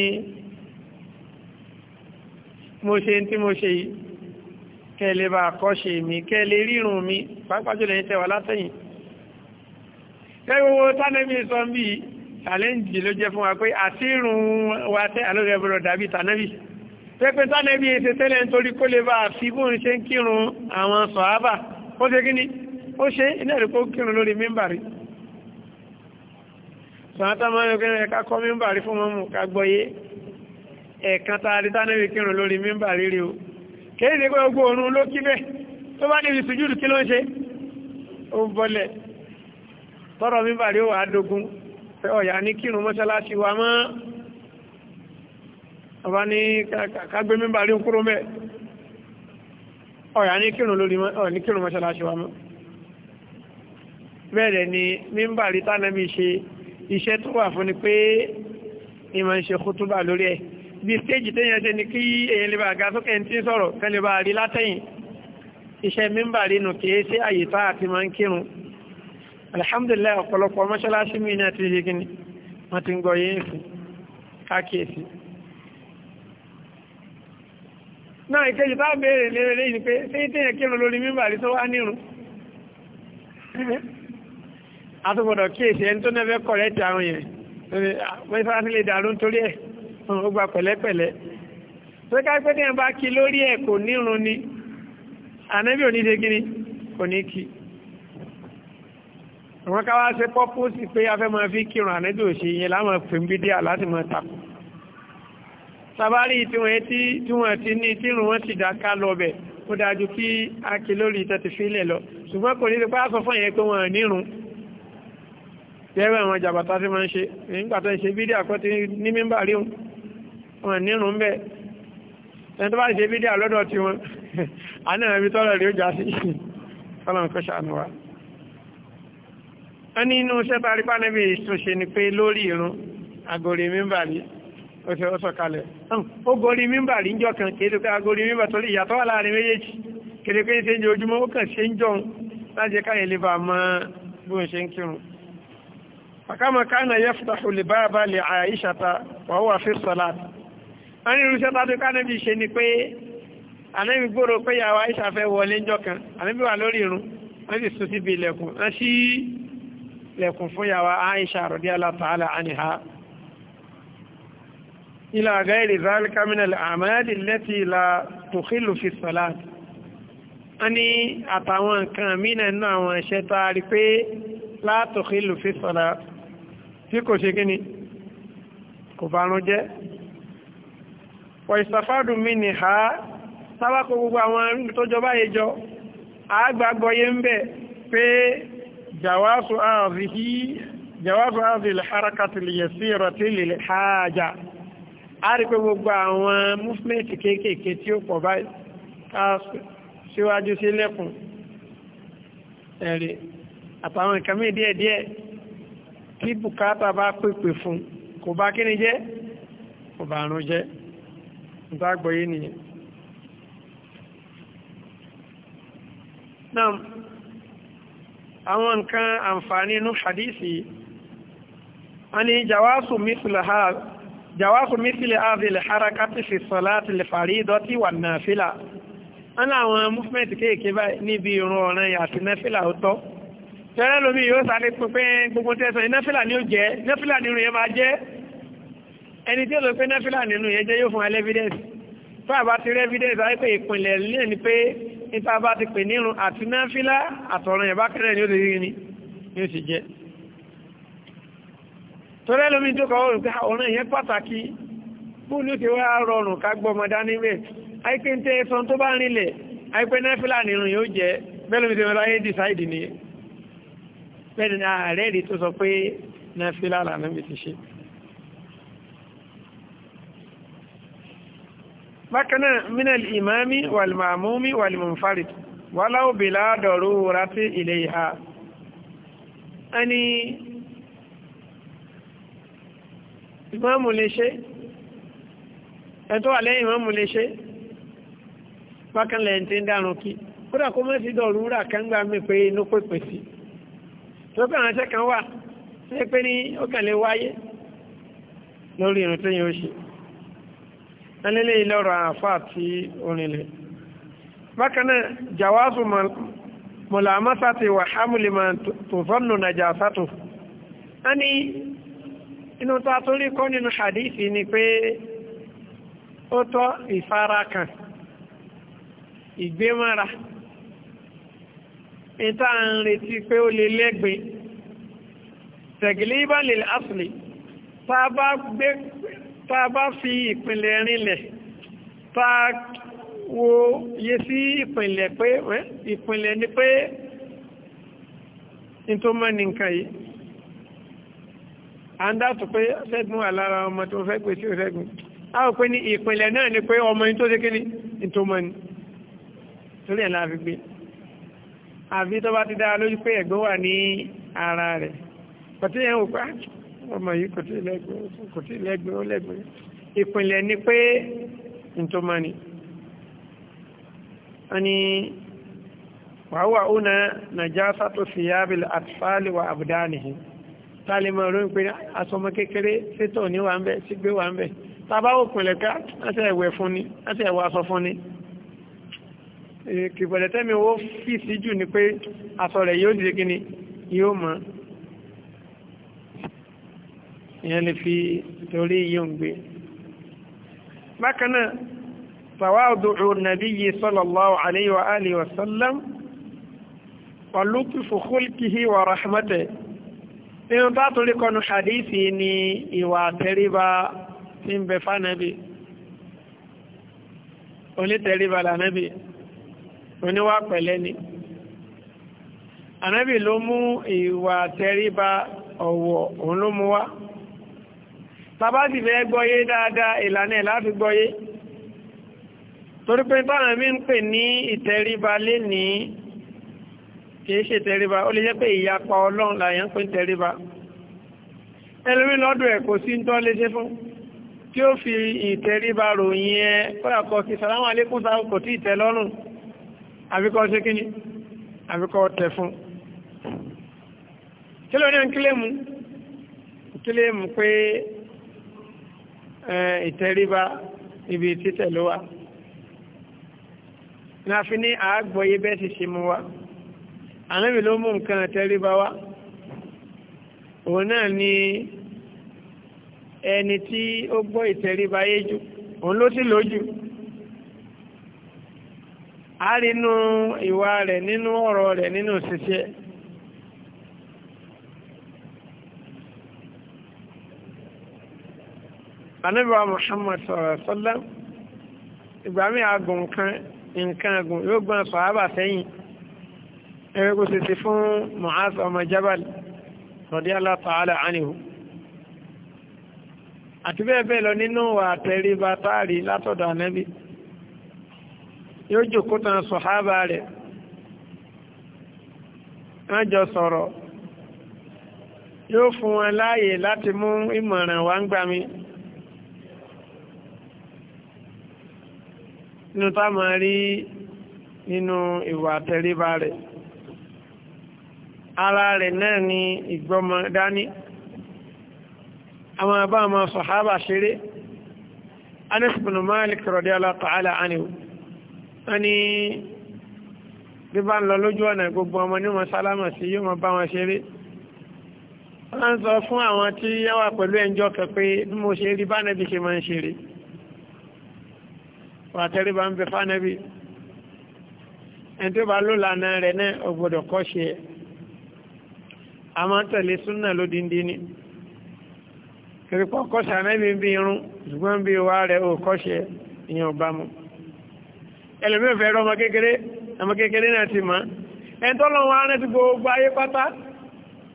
Speaker 1: mo ṣe tí mo ṣe yìí mi kẹ́lẹ̀ rírun mi pàápàá jùlọ yìí látẹ̀yìn tẹ́gbogbo tánẹ́bí sọ bí challenge ló jẹ́ fún wa pé àtírùn wa tẹ́ àlórí ẹbọ̀rọ̀ dàbí tánẹ́bí pẹ́pẹ́ tánẹ́bí ṣe tẹ́lẹ̀ nítorí kó lè bá fi bóun ṣe ń kírun àwọn sọ̀hábà ó ṣe kí ni ó ṣe iná ìrìkó kírun lórí mímbàrí ẹ̀kan tààrí tánẹ́bí kírun lórí mímbàrí rí o kéèdè pé ogbó tọ́rọ mímbà rí ó àdógún pé ọ̀yà ní kírun mọ́ṣáláṣí wa mọ́ ọba ní kágbé mímbà rí kúrò mẹ́ ọ̀yà ní kírun mọ́ṣáláṣí wa mọ́ bẹ́ẹ̀rẹ̀ ni mímbà rí tánàbí ṣe iṣẹ́ tó wà fún ni pé ìmọ̀ ń ṣe kútúbà lórí ẹ̀ bí stéèjì téèyàn ṣe ni kí alhamdulillah ọ̀pọ̀lọpọ̀ mọ́ṣáláṣí mi náà ti ṣe gíní wọ́n ti ń gọ yé èsì káàkiri náà ìkejì bá béèrè lérè lẹ́yìn pé ṣé tí yẹn kírun lórí mímbàrí tó wá nírun àtúgbọ̀dọ̀ kíyèsí ẹni tó nẹ́fẹ́ kọ̀rẹ́tì àwọn yẹn mẹ́fà nílé dàrú nítorí ẹ̀ ó gba pẹ̀lẹ́pẹ̀lẹ́ tó ká bá kí lórí ẹ̀ àwọn káwá ṣe pọ́pọ́sì pé afẹ́ máa fi kírun ànẹ́bí òṣè yẹn láwọn fèmídíà láti máa tapò sàbárì tí wọ́n ti tí wọ́n ti ní tírun wọ́n ti dá ká lọ bẹ̀ ó dájú kí a kì lórí tẹ́tì fílẹ̀ lọ ṣùgbọ́n kò nílé pé sọ fún ìyẹn pé wọ́n nírun tẹ́rẹ àwọn jàbàtà tí wọ́n ń ṣe nígbà tó ń ṣe bídíà kọ́ ti ní mímbà wọ́n ní inú iṣẹ́ tá rí pa níbi ni pé lórí irun agori mímbàrí ó ó gorí kan kéde pé agori mímbà torí ìyàtọ̀ wà láàrin méjèèjì kéde pé ṣe ń jẹ ojúmọ́ ó kàn ṣe ń jọun láti káyè lè bá mọ bí wọ́n ṣe ń kírun. Fàkàmà kánà yẹ fìtàhù sùn síbi ilẹ̀kùn wọ́n lẹ̀kùn fún yàwá Aisha radiyallahu ta'ala anha ila gairi zalika min al'amali lati la tukhillu fi salat ani àtàwọn nǹkan mina nínú àwọn iṣẹ́ tá rí pé la tukhillu fi salat tí kò ṣe kíni kò banu jẹ́ wa istafadu minha sabako gbogbo àwọn tó jọba ejo agbagboye nbe pé جواز هذه جواز هذه الحركة اليسيرة للحاجة àríkò gbogbo àwọn múfúmẹ́ntì kéékèèké tí ó pọ̀ báyìí ká síwájú sí lẹ́kùn ẹ̀rẹ̀ àtàwọn nǹkan mí díẹ̀díẹ̀ tí bùkátà bá pèpè fún kò bá kí ni jẹ́ kò bá àrùn jẹ́ ìtàgbọ̀ yìí nìyẹn náà àwọn nǹkan àǹfààní inú hadisi wọ́n ni jawasu mithli hadhihi al-harakati fi salati al-faridati wa an-nafila wọ́n ní àwọn movement kéèké báyìí níbi ìrun ọ̀ràn àti náfìlà ó tọ́ tẹ́rẹ́ lómi yóò sáré pínpín gbogbo tẹ́sán náfìlà ní ó jẹ́ náfìlà nínú yẹn máa jẹ́ ẹni tí ó lọ pé jẹ́ níta bá ti pè nírun àti náfílà àtọ̀rọ̀ yẹ̀bá kẹrẹ ní ó lè rí ni ní ó sì jẹ́ torí ẹlòmí tó kọ́ òrùn ká ìyẹn pàtàkì fún ní ó ti wá rọrùn ká gbọmọ dání àìpé ń tẹ ẹsan tó bá rinlẹ̀ àìpé náfílà nírun yóò jẹ́ bẹ́lómi ni bákanáà minal imami walmamumi walmunfarid walau bila darurati ilayha ẹni imamu lè ṣe ẹ̀tọ́ alẹ́ imamu lè ṣe bákanlẹ̀ tí ń dárun kí kódà kó mẹ́sí dọ̀rúra kángbà mi pé inú pèpè sí tó kàn lórí ìrùn tó yẹ ó ṣe alẹ́lẹ́ ìlọ́rọ̀ àfà àti orinlẹ̀ bákanáà jàwásù mọ̀lámásàtì wà hàmùlìmọ̀ tó sọ́nù nàjà sátò a ní inú ta tó rí kọ́ nínú hadithi ni pé ó tọ́ ìfarakàn ìgbémára ìta ń retí pé ó lè lẹ́gbẹ̀ tẹ̀gìlì ìbálẹ̀ asìlẹ̀ tá a bá gbé tá a bá fi ìpìnlẹ̀ rinlẹ̀ tá a wo yẹ sí ìpìnlẹ̀ pé ìpìnlẹ̀ ni pé ìtòmọ́ ní nǹkan yìí à ń dátù pé ṣẹ́gun wà lára ọmọ tó fẹ́ gbèsè ṣẹ́gun a ò pé ní ìpìnlẹ̀ náà ni pé ọmọ yìí tó ṣe kí ni ìtòmọ́ ni torí ẹ̀ láàfi gbé àbí tó bá ti dára lójú pé ẹ̀gbọ́n wà ní ara rẹ̀ pẹ̀tí ẹ̀ ń wò pé ah, ọmọ yìí kò tí lẹ́gbẹ̀ẹ́ kò tí lẹ́gbẹ̀ẹ́ ó lẹ́gbẹ̀ẹ́ ìpìnlẹ̀ ni pé ntọ́mọ́ni ani wàhùwà ọ̀nà nàjásà tó fi yábìlì àtìfáàlì wà àbùdánìhìn tálẹ̀ mọ̀ lórí pé asọmọ kékeré sétọ̀ ní wà ń bẹ̀ sígbé wà ń bẹ̀ tàbá òpìnlẹ̀ ká láti ẹ̀wẹ̀ fún ni láti ẹ̀wọ̀ aṣọ fún ni kìbọ̀lẹ̀tẹ́mi owó fìsí jù ni pé aṣọ rẹ̀ yóò dìde kíni yóò mọ̀ ìyẹn lè fi torí yíò ń gbé bákanáà tàwádùú nàbíyí sallallahu alayhi wa alihi wa sallam wa lutfu khulqihi wa rahmatih nínú tátorí kọnu hadithi ni ìwà tẹríba tí ń bẹ fánàbí onítẹríba lànàbí oníwà pẹ̀lẹ́ ni ànábì ló mú ìwà tẹríba ọ̀wọ̀ òun ló mú wá tàbátì fẹ́ gbọ́yé dáadáa ìlànà ẹ̀ láti gbọ́yé torí pé báwọn mi ń pè ní ìtẹríba lé ní kìí ṣe tẹríba ó lè jẹ́ pé ìyapa ọlọ́run làyàn ń pè ní tẹríba ẹlòmí lọ́dọ̀ ẹ̀ kò sí ń tọ́ léṣe fún tí ó fi ìtẹríba ròyìn ẹ kọ́dà kọ́ pé Eh, ìtẹríba ibi títẹ̀lé wa náà fi ní àágbọ̀yé bẹ́ẹ̀ ti ṣe mú wa ànábì ló mú nǹkan ìtẹríba wa òun náà ni ẹni tí ó gbọ́ ìtẹríba yé jù òun ló sì lójú a rí inú ìwà rẹ̀ nínú ọ̀rọ̀ rẹ̀ nínú ṣiṣẹ́ anábíwá Muhammad sọ̀rọ̀ sọ́lá ìgbà mí agùn kan nǹkan agùn yóò gbọ́n sọ̀hábà sẹ́yìn ẹgbẹ́ kò sì sí fún Mu'az ọmọ Jabal radiyallahu ta'ala anhu àti bẹ́ẹ̀ bẹ́ẹ̀ lọ nínú wà tẹríba táàrí látọ̀dọ̀ ànábì yóò jòkó tán sọ̀hábà rẹ̀ wọ́n jọ sọ̀rọ̀ yóò nínú tá a máa rí nínú ìwà àtẹríba rẹ̀ ara rẹ̀ náà ni ìgbọ́mọ dání àwọn àbá àwọn sọ̀hábà ṣeré Anas bin Malik radiyallahu ta'ala anhu wọ́n ni bí bá ń lọ lójú ọ̀nà gbogbo ọmọ ní wọn sálámà sí yóò mọ bá wọn ṣeré wọ́n sọ fún àwọn tí yẹ́wà pẹ̀lú ẹ̀ńjọ́ kẹ pé bí mo ṣe rí bá nẹ́bí ṣe máa ń ṣeré pàtẹ́rí bá ń bẹ fánẹ́bí ẹni tó bá ló lànà rẹ̀ náà ó gbọ́dọ̀ kọ́ ṣe ẹ̀ a máa tẹ̀lé súnà lódindi ni kìrìpọ̀ kọ́ṣe ànẹ́bí bí irun ṣùgbọ́n bí wá rẹ̀ ó kọ́ṣe ìyẹn ò bá mu ẹlòmíì fẹ́ rọ ọmọ kékeré ọmọ kékeré náà ti mọ̀ ẹni tó lọ́wọ́ arẹ́ ti gbogbo ayé pátá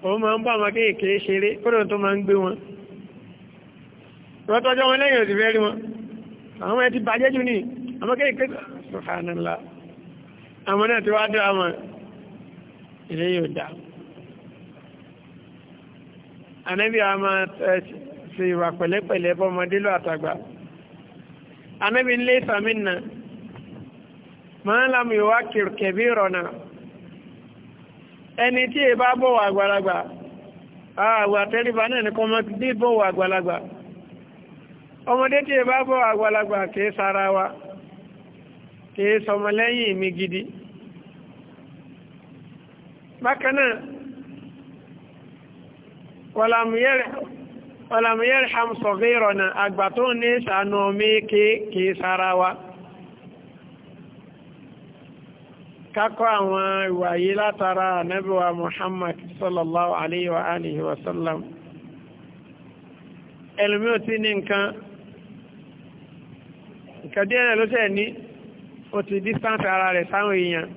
Speaker 1: òun máa ń bá ọmọ kékeré ṣeré kódò tó máa ń gbé wọn wọ́n wọn lẹ́yìn òsì fẹ́ rí wọn àwọn ẹ̀tí bàjẹ́ jù ní àwọn kéèkéé ṣùfàánàlá àwọn náà ti wá dá àwọn ilé yóò dá anẹ́bí a máa ṣe ìwà pẹ̀lẹ́pẹ̀lẹ́ bọ́mọdélò àtàgbà anẹ́bí ilé ìsàmìnà máa lámù ìwá kẹ̀bí ìrọ̀nà ẹni tí è bá bọ̀wọ̀ àgbàlagbà àwọn àtẹ́ríba náà ní kọ́mọ́ ọmọdé tí ẹ bá bọ́ àgbàlagbà kìí sára wa kìí sọmọ lẹ́yìn mi gidi bákanáà wàlàmúyẹ́rì hamsọ̀gí ìrọ̀nà àgbà tó ní sànú omi kìí sára wa kákọ́ àwọn ìwà yìí látara ànábíwa Muhammad sallallahu alaihi wa alihi wasallam ẹlùmí ò tí ní nǹkan nǹkan díẹ̀ náà ló sẹ̀ ní ó ti distance ara rẹ̀ sáwọn èèyàn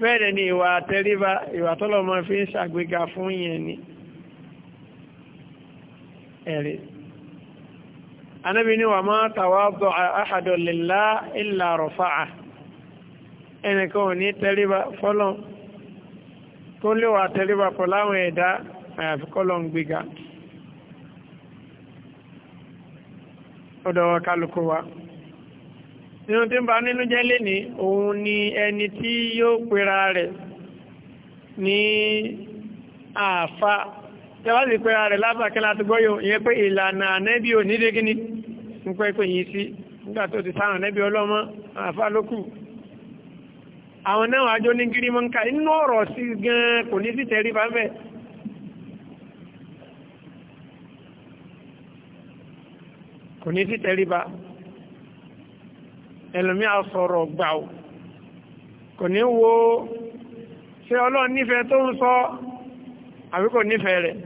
Speaker 1: bẹ́ẹ̀ ni ìwà àtẹríba ìwà tọ́lọ́mọ fi ń ṣàgbéga fún yẹn ni ẹ̀rí anábi ni wà máa tàwádọ́ ahadun lillah illa rafa'a ẹnìkan ò ní tẹríba fọ́lọ́n tó léwà tẹríba pọ̀ láwọn ẹ̀dá àyàfikọ́lọ́n gbíga ọ̀dọ̀ kálukú wa nínú tí ń bá nínú jẹ́ ní òun ni ẹni tí yóò pèrà rẹ̀ ní àfa tẹ́wá sì pera rẹ̀ lábàkẹ́ láti gbọ́ yóò ìyẹn pé ìlànà anẹ́bí ò ní dégíní ń pẹ́ pé yìí sí nígbà tó ti sáhàn ànẹ́bí ọlọ́mọ àfa lókù àwọn náà àjọ ní gírímọ̀ inú ọ̀rọ̀ sí gan kò ní sí tẹ̀rí bá bẹ́ẹ̀ kò ní sí tẹríba ẹlòmí àsọ̀rọ̀ gbà ó kò ní wo ṣé ọlọ́run nífẹ̀ẹ́ tó ń sọ àbí kò nífẹ̀ẹ́ rẹ̀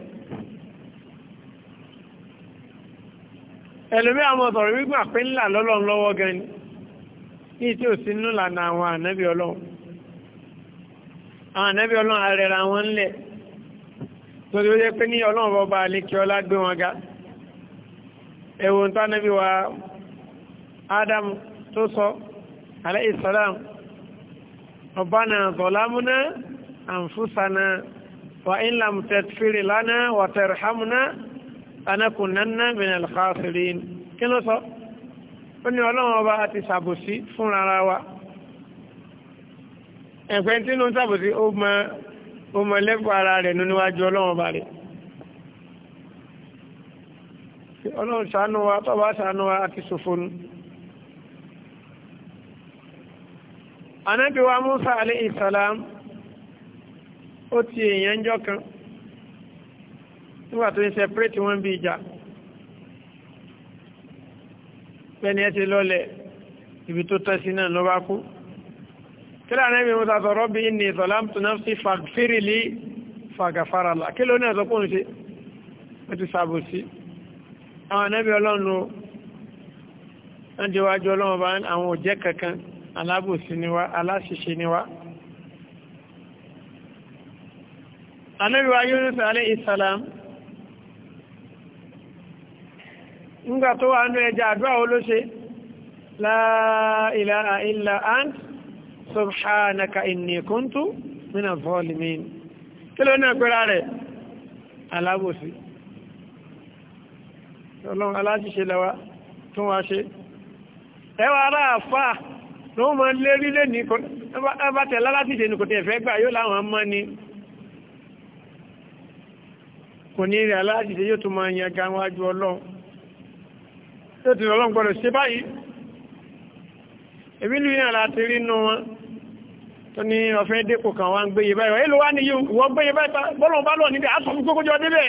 Speaker 1: ẹlòmí àwọn ọ̀sọ̀rọ̀ gbígbà pé ńlá lọ́lọ́run lọ́wọ́ gan ní tí ò sí nínú ìlànà àwọn ànábì ọlọ́run àwọn ànábì ọlọ́run arẹra wọn ńlẹ̀ torí ó yẹ pé ní ọlọ́run bọba àlékè ọlá gbé wọn ga ẹ̀wọ̀n tó anábí wa Adam tó sọ alayhi salam ọ̀bánà zọ̀lámúná àǹfúsànà wa in lam tẹ̀tfìrì lánà wà tẹ̀rẹ̀hámúná anákùnnánà minal khasirin kí ló sọ ó ní ọlọ́run ọba àti ṣàbòsí fúnra wa ẹ̀pẹ́ tí ó mọ lẹ́kọ̀ọ́ ara rẹ̀ níwájú ọlọ́run ọba rẹ̀ ọlọ́run ṣàánú wa tó bá ṣàánú wa àti ṣòfonu anábíwá Musa alayhi salam ó ti èèyàn jọ kan nígbà tó ń sẹpẹ́rẹ́tì wọn bí ìjà pẹ́ni ẹ ti lọ́lẹ̀ ibi tó tọ́ sí náà ló bá kú kí láàrin ẹ̀mí Musa sọ rọ́bì inni zalamtu nafsi faghfirli faghfara kí ló ní ẹ̀sọ́ pọ̀ ń ṣe ó ti sàbòsí àwọn anábì ọlọ́run o wọ́n ti wájú ọlọ́run bá àwọn òjẹ́ kankan alábòsí ni wá aláṣìṣe ni wá anábì wa Yunus alayhi salam ńgbà tó wà nú ẹja àdúrà olóṣe la ilaha illa subhanaka inni kuntu minaz zalimin kí ló ní rẹ̀ alábòsí ọlọ́run aláṣìṣe lẹ́wà tó wá ṣe ẹwà ará àfà ló mọ́ lérí lé ní ẹbátẹ̀ láláṣìṣe ní kò tẹ̀ fẹ́ gbà yóò láwọn mọ́ ni kò ní rí aláṣìṣe yóò tó máa yẹn gan wájú ọlọ́run yóò ti ọlọ́run gbọ́dọ̀ ṣe báyìí èmi ní ìrìn àti rí nú wọn tó ní ọ̀fẹ́ dépò kan wá ń gbéye báyìí wọ́n gbéye báyìí bọ́lọ̀ bá lọ níbi àtọ̀ fún kókójọ débẹ̀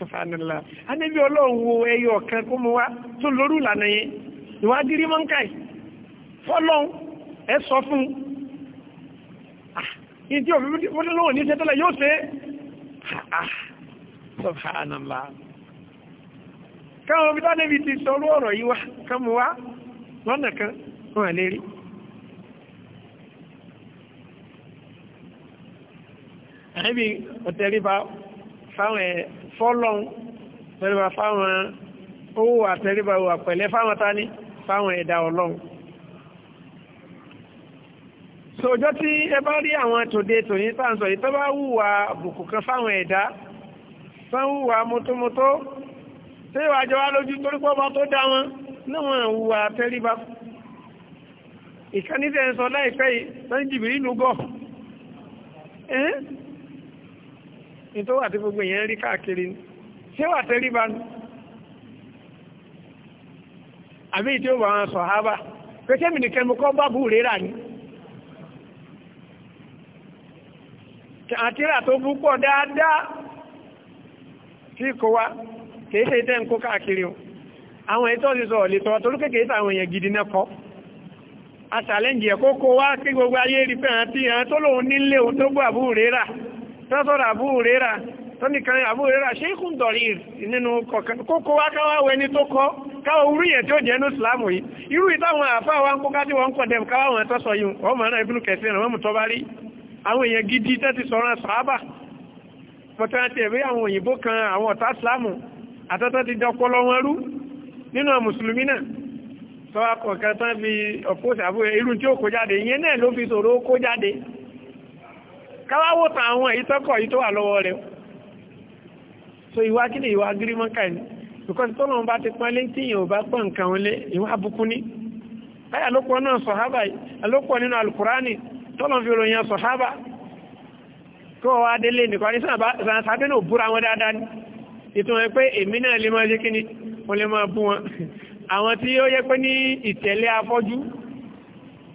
Speaker 1: sọfànàlá anábì ọlọ́run wo ẹyọ kan kó mu wá tó lórí ìlànà yẹn ìwádìí rí mọ́ńkà yìí fọ́lọ́n ẹ sọ fún ìdí ah, òfin fọ́lọ́wọ́ ní sẹ́tọ́lá yóò ṣe ah, ah, sọfànàlá káwọn bí tánàbì ti sọ̀rọ̀ ọ̀rọ̀ yìí wá kán mu wá lọ́nà kan wọn lè rí ànábì ọ̀tẹ̀ríba fáwọn ẹ̀ fọ́lọ́n tẹríba fáwọn ó wà tẹríba wà pẹ̀lẹ́ fáwọn tání fáwọn ẹ̀dá ọlọ́run so ọjọ́ tí ẹ bá rí àwọn tòde tòní tàǹsọ̀ yìí tó bá wùwà bùkù kan fáwọn ẹ̀dá tó ń wùwà mọ́tómọ́tó tí ìwà jọ wá lójú torí pọ́pọ́ tó dá wọn náà wùwà tẹríba ìkànnì láìpẹ́ yìí tó ń jìbìrì lúgọ́ ní tó wà tí gbogbo èèyàn rí káàkiri ni ṣé wà tẹríba ni àbí tí ó wà wọn sọ̀hábà pé kẹ́mi nìkan mo kọ́ bá bú rírà ni àtìrà tó bú pọ̀ dáadáa tí kò wá kìí ṣe tẹ́ ń kó káàkiri o àwọn ètò ọ̀sísọ̀ ọ̀lẹ́tọ̀ torí kéèkéé sàwọn èèyàn gidi náà a ṣàlẹ́ǹjì ẹ̀kọ́ kó wá kí gbogbo ayé rí pé àti àwọn tó lòun nílé òun tọ́sọ̀rọ̀ àbúrẹ́rà tọ́nìkan àbúrẹ́rà ṣe kún dọ̀rí nínú kókó wá káwà wẹni tó kọ́ káwà orí ẹ̀ tí ó jẹ́ ní ìsìlámù yìí irú ìtàwọn àfá wa ń kó kájí wọn kọ̀ dẹ̀m káwà wọn tọ́sọ̀ yìí wọ́n mọ̀ náà ibùdó kẹsì rẹ̀ wọ́n mú tọ́ bá rí àwọn èèyàn gidi tẹ́tí sọ̀rọ̀ káwáwó tàn àwọn èyí tọ́kọ̀ yìí tó wà lọ́wọ́ rẹ̀ so ìwà kí ni ìwà agirimọ́kà ni because tó lọ́n bá ti pọ́n lé tí yìnbọn bá pọ̀ nǹkan wọn lé ìwà abúkú ní báyà ló pọ̀ náà sọ̀hábà ló nínú alukurani tó lọ́n fi ròyìn sọ̀hábà kó wá délé nìkan ní sàbẹ́ ni ìtumọ̀ pé èmi náà lè máa jẹ́ kí ni mo lè máa bú wọn àwọn tí ó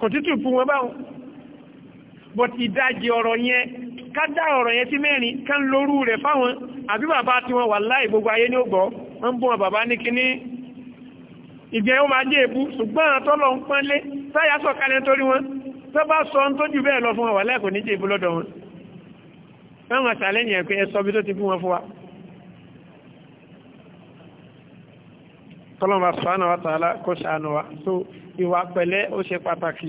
Speaker 1: kò tútù fún wọn báwọn but ìdajì ọ̀rọ̀ yẹn ká dá ọ̀rọ̀ yẹn sí mẹ́rin ká ń lórú rẹ̀ fáwọn àbí bàbá tí wọ́n wà láì gbogbo ayé ní ògbọ́ wọ́n ń bú wọn bàbá ní kíní ìgbẹ́ ó máa jẹ́ èbú ṣùgbọ́n tọ́lọ ń pọ́nlé táyà sọ kalẹ̀ torí wọn tó bá sọ ń tójú bẹ́ẹ̀ lọ fún wọn wà láì kò ní jẹ́ èbú lọ́dọ̀ wọn wọ́n wọn sàlẹ́yìn ẹ sọ bí tó ti bú wọn fún wa tọ́lọ́ ìwà pẹ̀lẹ́ ó ṣe pàtàkì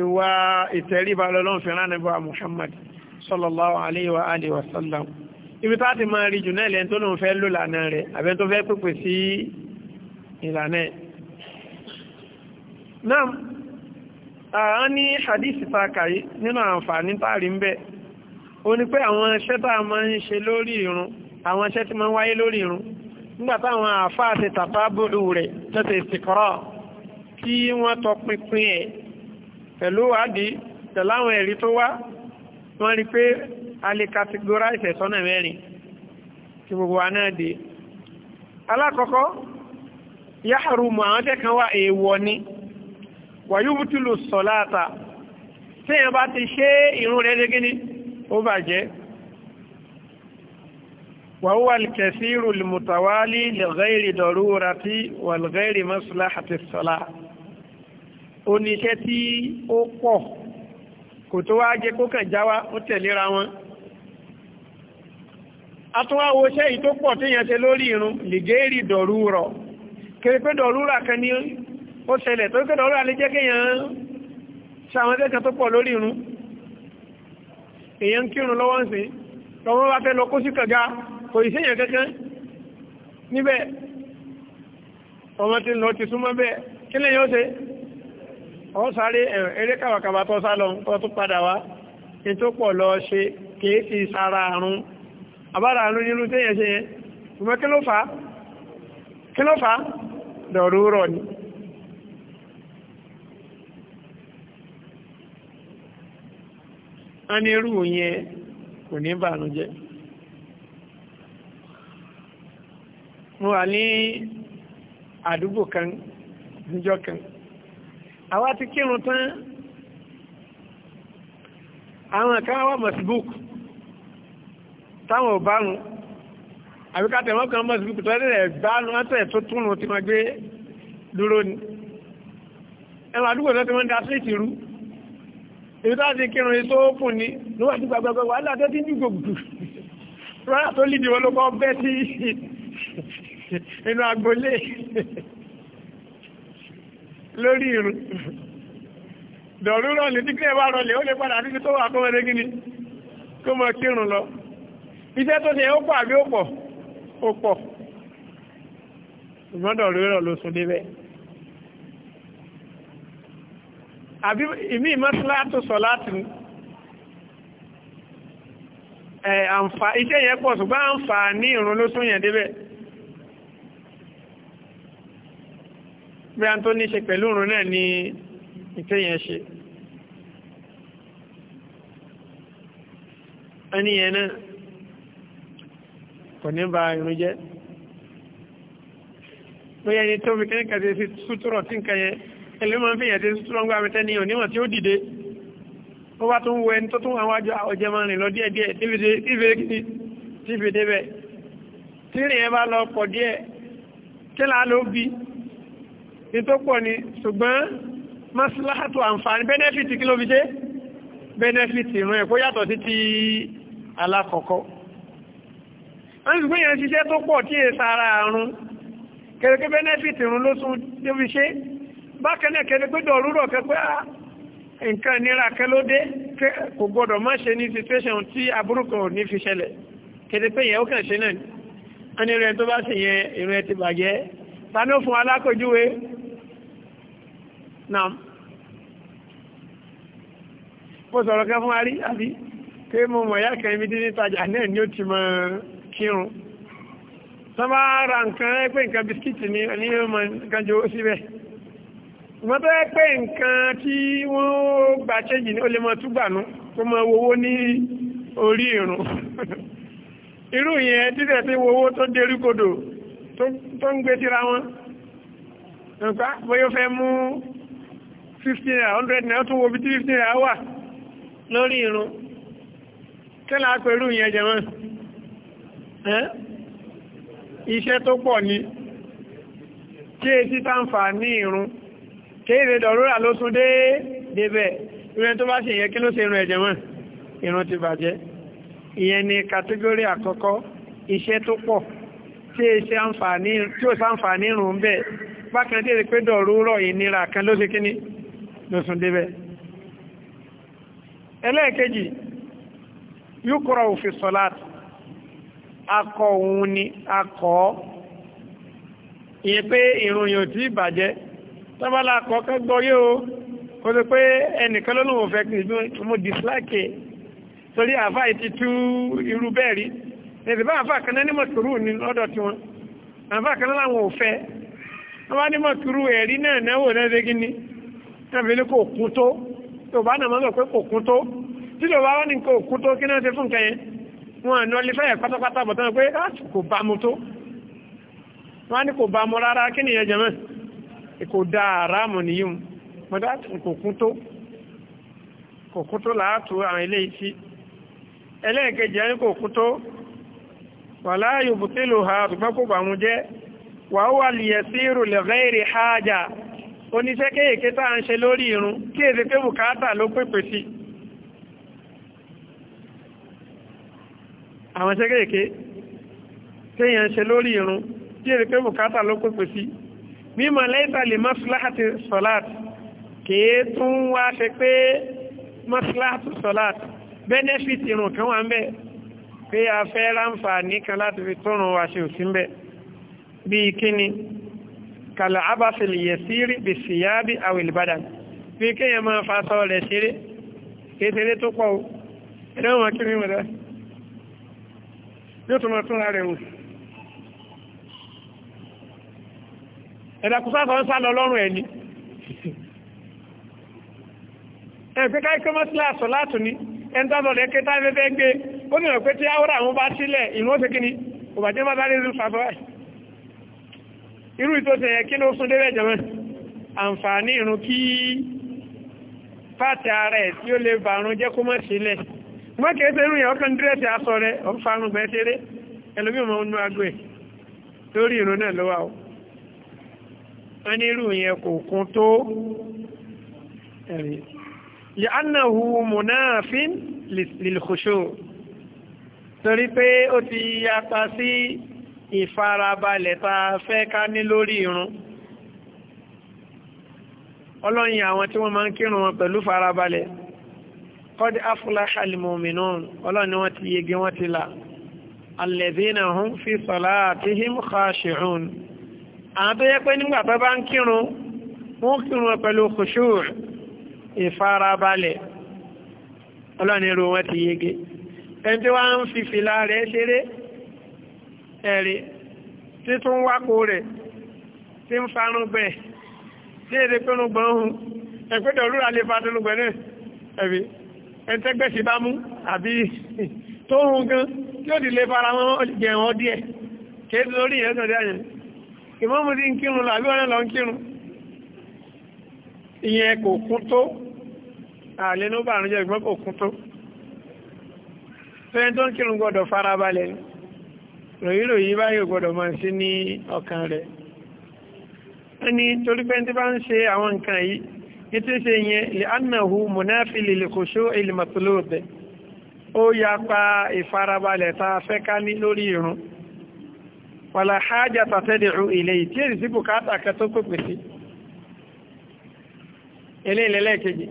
Speaker 1: ìwà ìtẹríba lọ́lọ́n fẹ́ràn nígbà Muhammad sallallahu alaihi wa alihi wa sallam ibi tá ti máa rí jù náà lẹ́yìn tó lóun fẹ́ lò lànà rẹ̀ àbẹ́ tó fẹ́ pèpè sí ìlànà ẹ̀ náà àwọn ní hadith ta kàyí nínú àǹfààní táàrí ń bẹ ó ní pé àwọn iṣẹ́ tá a máa ń ṣe lórí irun àwọn iṣẹ́ tí máa ń wáyé lórí irun nígbà táwọn àáfàá ti tàbá bòrò rẹ̀ tẹ́tẹ̀ ìsìnkọ́rọ̀ tí wọ́n tọpinpin ẹ̀ pẹ̀lú wádìí tẹ̀láwọn ẹ̀rí tó wá wọ́n rí pé a lè categorize ẹ̀sọ́nà mẹ́rin tí gbogbo wa náà dé alákọ̀ọ́kọ́ yáhàrùmù àwọn tẹ́kan wá èèwọ̀ ni wàyúbùtúlù sọ̀láàtà tí èèyàn bá ti ṣe ìrun rẹ̀ dé gíní ó bàjẹ́ wàhúwà kẹsìrù lìmùtàwálì lẹ́gẹ́rì dọ̀rúra tí wàlgẹ́rì mọ́sùlá àti sọ̀láà ó ní iṣẹ́ tí ó pọ̀ kò tó wá jẹ́ kó kàn já wá ó tẹ̀léra wọn a tún wá wo iṣẹ́ yìí tó pọ̀ téèyàn ṣe lórí irun lìgéèrì dọ̀rú rọ̀ kéré pé dọ̀rú rà kan ní ó ṣẹlẹ̀ tó kéde ọ̀rọ̀ alẹ́ jẹ́ kéèyàn ṣàwọn ẹgbẹ́ kan tó pọ̀ lórí irun èèyàn ń kírun lọ́wọ́ ń lọ́wọ́ wá fẹ́ lọ kó sí kànga kò ì séèyàn kankan níbẹ̀ ọmọ tí lọ ti súnmọ́ bẹ́ẹ̀ kí lẹ́yìn ó ṣe ọ sáré eré kàwàkàwà tó sá lọ tó tún padà wá ní tó pọ̀ lọ ṣe kìí ti sára àrùn àbára àrùn nínú téèyàn ṣe yẹn ṣùgbọ́n kí ló fà á kí ló ní irú yẹn kò ní bànújẹ́ mo wà ní àdúgbò kan níjọ́ kan àwa ti kírun tán àwọn kan wà mọ̀síbúùkù táwọn ò bánu àbíkátẹ̀ wọ́n kan mọ̀síbúùkù tó ẹ̀rẹ̀ bánu ọ́tẹ̀ tó túnú ti máa gbé dúró ni ẹwà àdúgbò tó ti wọ́n da síìtì rú ibi tó ti kírun tó fún ni níwájú gbàgbàgbà wàhálà tó ti ń dùgbò gbù rárá tó lídìí wọn ló kọ́ bẹ́ sí inú agbolé lórí irun dọ̀rú tí kílẹ̀ bá ó lè padà títí tó wà kó gíní kó mọ̀ kírùn lọ iṣẹ́ tó ṣe ó pọ̀ àbí ó pọ̀ ó pọ̀ ṣùgbọ́n ló débẹ̀ àbí ìmí ìmọ̀sílá tó sọ láti ẹ̀ bí a tó ní ṣe pẹ̀lú òrùn náà ni ìtẹ́yẹn ṣe ẹni yẹn náà kò ní ba irun jẹ́ bóyá ẹni tó fi kẹ́kẹ́ ti sútúrọ̀ tí nǹkan yẹn ẹlú máa ń fi yẹn ti sútúrọ̀ ń gbá mi tẹ́ni òníwọ̀n tí ó dìde ó bá tún wọ ẹni tó tún àwọn ọjẹ́ máa rìn lọ díẹ̀díẹ̀ tí fi débẹ̀ tí rìn yẹn bá lọ pọ̀ díẹ̀ kí làá ló bí ní tó pọ̀ ni ṣùgbọ́n maslahatu àǹfààní benefit kí ló fi ṣe benefit ìran ẹ̀kọ́ yàtọ̀ sí ti alákọ̀ọ́kọ́ wọ́n sì gbéyàn ṣiṣẹ́ tó pọ̀ tí è sára àrùn kẹrẹkẹ́ benefit ìrùn ló tún tó fi ṣe bákanáà kẹrẹkẹ́ dọ̀rúrọ̀ kẹpẹ́ ah, nǹkan nira kẹ ló dé kò gbọdọ̀ má ṣe ní situation tí aburúkọ fi ṣe náà ní ta ní ó fún alákòjúwe náà mo sọ̀rọ̀ kẹ́ fún wa rí àbí pé mo mọ̀ ya kan ibi dídí tajà náà ni ó ti mọ kírun sọ́mọ́ ara nǹkan pé nǹkan bisikíìtì ni ní ọmọ nǹkan jọ síbẹ̀ wọ́n tẹ́ pé nǹkan tí wọ́n gbà ṣéjì ní ó lè mọ túgbànú kó mọ owó ní orí ìrùn irú yẹn títẹ̀ tí owó tó dérí kodò tó ń gbé síra wọn nǹkan bóyá fẹ́ mú fifty naira hundred naira tó wo bí tí fifty naira wà lórí irun tẹ́lá pẹ̀lú ìyẹn jẹ̀mọ́ iṣẹ́ tó pọ̀ ni tí etí tàǹfà ní irun kéèrè dọ̀rọ́rà ló tún dé débẹ̀ ìrìn tó bá ṣe ìyẹn kí ló ṣe irun ẹ̀jẹ̀ mọ́ irun ti bàjẹ́ ìyẹn ni kàtígórì àkọ́kọ́ iṣẹ́ tó pọ̀ tí e ó ṣàǹfà ní irun bẹ́ẹ̀ bákan tí èrè e pé dọ̀rọ́rọ̀ ìnira kan ló ṣe kíní ló sùn débẹ̀ ẹlẹ́ẹ̀kejì yúkọ̀rọ̀ òfin akọ òun ni akọ ìyẹn pé ìròyìn òtí ìbàjẹ́ tọ́bálà akọ kẹgbọ́ yóò kó tó pé ẹnìkan ló lóun fẹ́ mo dislike e. torí àfá ìtì tú irú bẹ́ẹ̀ rí ẹ̀sìbá àfá kaná ní mọ̀tòrú ní lọ́dọ̀ tí wọn àfá kaná láwọn ò fẹ́ wọ́n ní mọ̀tòrú ẹ̀rí tẹ́bí ní kò kún tó tó bá nà mọ́lọ̀ pé kò kún tó tí lò bá wọ́n ní kò kún tó kí náà ti fún kẹyẹn wọn àná lè fẹ́yẹ̀ pátápátá bọ̀ tán pé ah, kò bá mu tó wọ́n ní kò bá mu rárá kí nìyẹn jẹ́mọ́ kò da àràmù nìyíun mọ́tá kò kún tó kò kún tó láàtú àwọn ilé ìsí ẹlẹ́ẹ̀kejì ẹni kò kún tó wà láàyò bùtẹ́lù ha àtùgbọ́n kò bá mu jẹ́ wà ó wà lìyẹ̀ sí ìrù lẹ́gẹ́rì hájà oníṣẹ́ kéèké tá à ń ṣe lórí irun kí èdè pé bùkátà ló pèpè sí àwọn iṣẹ́ kéèké téèyàn ń ṣe lórí irun kí èdè pé bùkátà ló pèpè sí mímọ̀ lẹ́yìntà lè mọ́síláàtì sọ̀láàtì kìí tún wá ṣe pé mọ́síláàtì sọ̀láàtì benefit irun kan wà ń bẹ pé a fẹ́ ní kan láti fi tọrùn wa ṣe òsínbẹ̀ bíi kíni kàlà abáfilì yẹ̀sírí bí síyábí àwìlìbádàn bí kéèyàn máa fa sọ rẹ̀ ṣeré kéṣeré tó pọ̀ o ẹ̀rọ wọn kí ni wọn lọ yóò tún máa túnra rẹ̀ wò ẹ̀dà kùsà sọ ń sá lọ lọ́rùn ẹ̀ ni ẹ̀fẹ́ káyí kọ́ sílẹ̀ ìrún irú ìtòsẹ̀ yẹ kí ló sún débẹ̀ jẹ́mọ́ àǹfààní ìrun kí pàtì ara ẹ̀ tí ó lè bàrún jẹ́ kó mọ́ sílẹ̀ wọ́n kìí ṣe irú yẹn ọkàn dírẹ́sì aṣọ rẹ̀ ọ̀farun bẹ́ẹ̀ ṣeré ẹlòmí ọmọ onú torí pé ó ti yapa sí ìfarabalẹ̀ ta fẹ́ ká ní lórí irun ọlọ́yin àwọn tí wọ́n máa ń kírun wọn pẹ̀lú farabalẹ̀ kọ́dí afúláṣà lèmọ̀mìnà ọlọ́ni wọ́n ti yege wọ́n ti là alẹ́dínà hún fi sọ̀lá àti himka ṣe'un àwọn tó yẹ pé nígbà tó bá ń kírun wọ́n kírun pẹ̀lú kùṣù ìfarabalẹ̀ ọlọ́ni rò wọ́n ti yege ẹni tí wọ́n ń fi fìlà rẹ̀ ṣeré ẹ̀rí títún wákò rẹ̀ tí ń farun bẹ̀ tí èdè pínu gbọ́n hù ẹ̀pẹ́tẹ̀ olúra lè fa tẹnugbẹ̀ náà ẹ̀bí ẹ̀ntẹ́gbẹ̀sì bá mú àbí tó hùn gan tí ó di lè fara wọn jẹ wọn díẹ̀ kí é lórí ìyẹn sọ̀dí àyẹ̀ ìmọ̀mù ti ń kírun lọ àbí wọn lọ ń kírun ìyẹn kò kún tó àlénúbà àrùn jẹ́ ìgbọ́n kò kún tó fẹ́ẹ́ tó ń kírun gbọ́dọ̀ farabalẹ̀ ni ròyìnròyìn báyìí gbọ́dọ̀ máa sí ní ọkàn rẹ̀ ẹni torí pé tí bá ń ṣe àwọn nǹkan yìí ní tí ṣe yẹn lè annahu munafi lè kò ṣó ilmọ̀tòlóòdẹ̀ ó yapa ìfarabalẹ̀ ta fẹ́ ká ní lórí irun wàlá hajj tàtẹ́dẹ̀rù ilẹ̀ yìí tí èrì sí bùkátà kẹ tó pèpè sí ilé ìlẹ́lẹ́kejì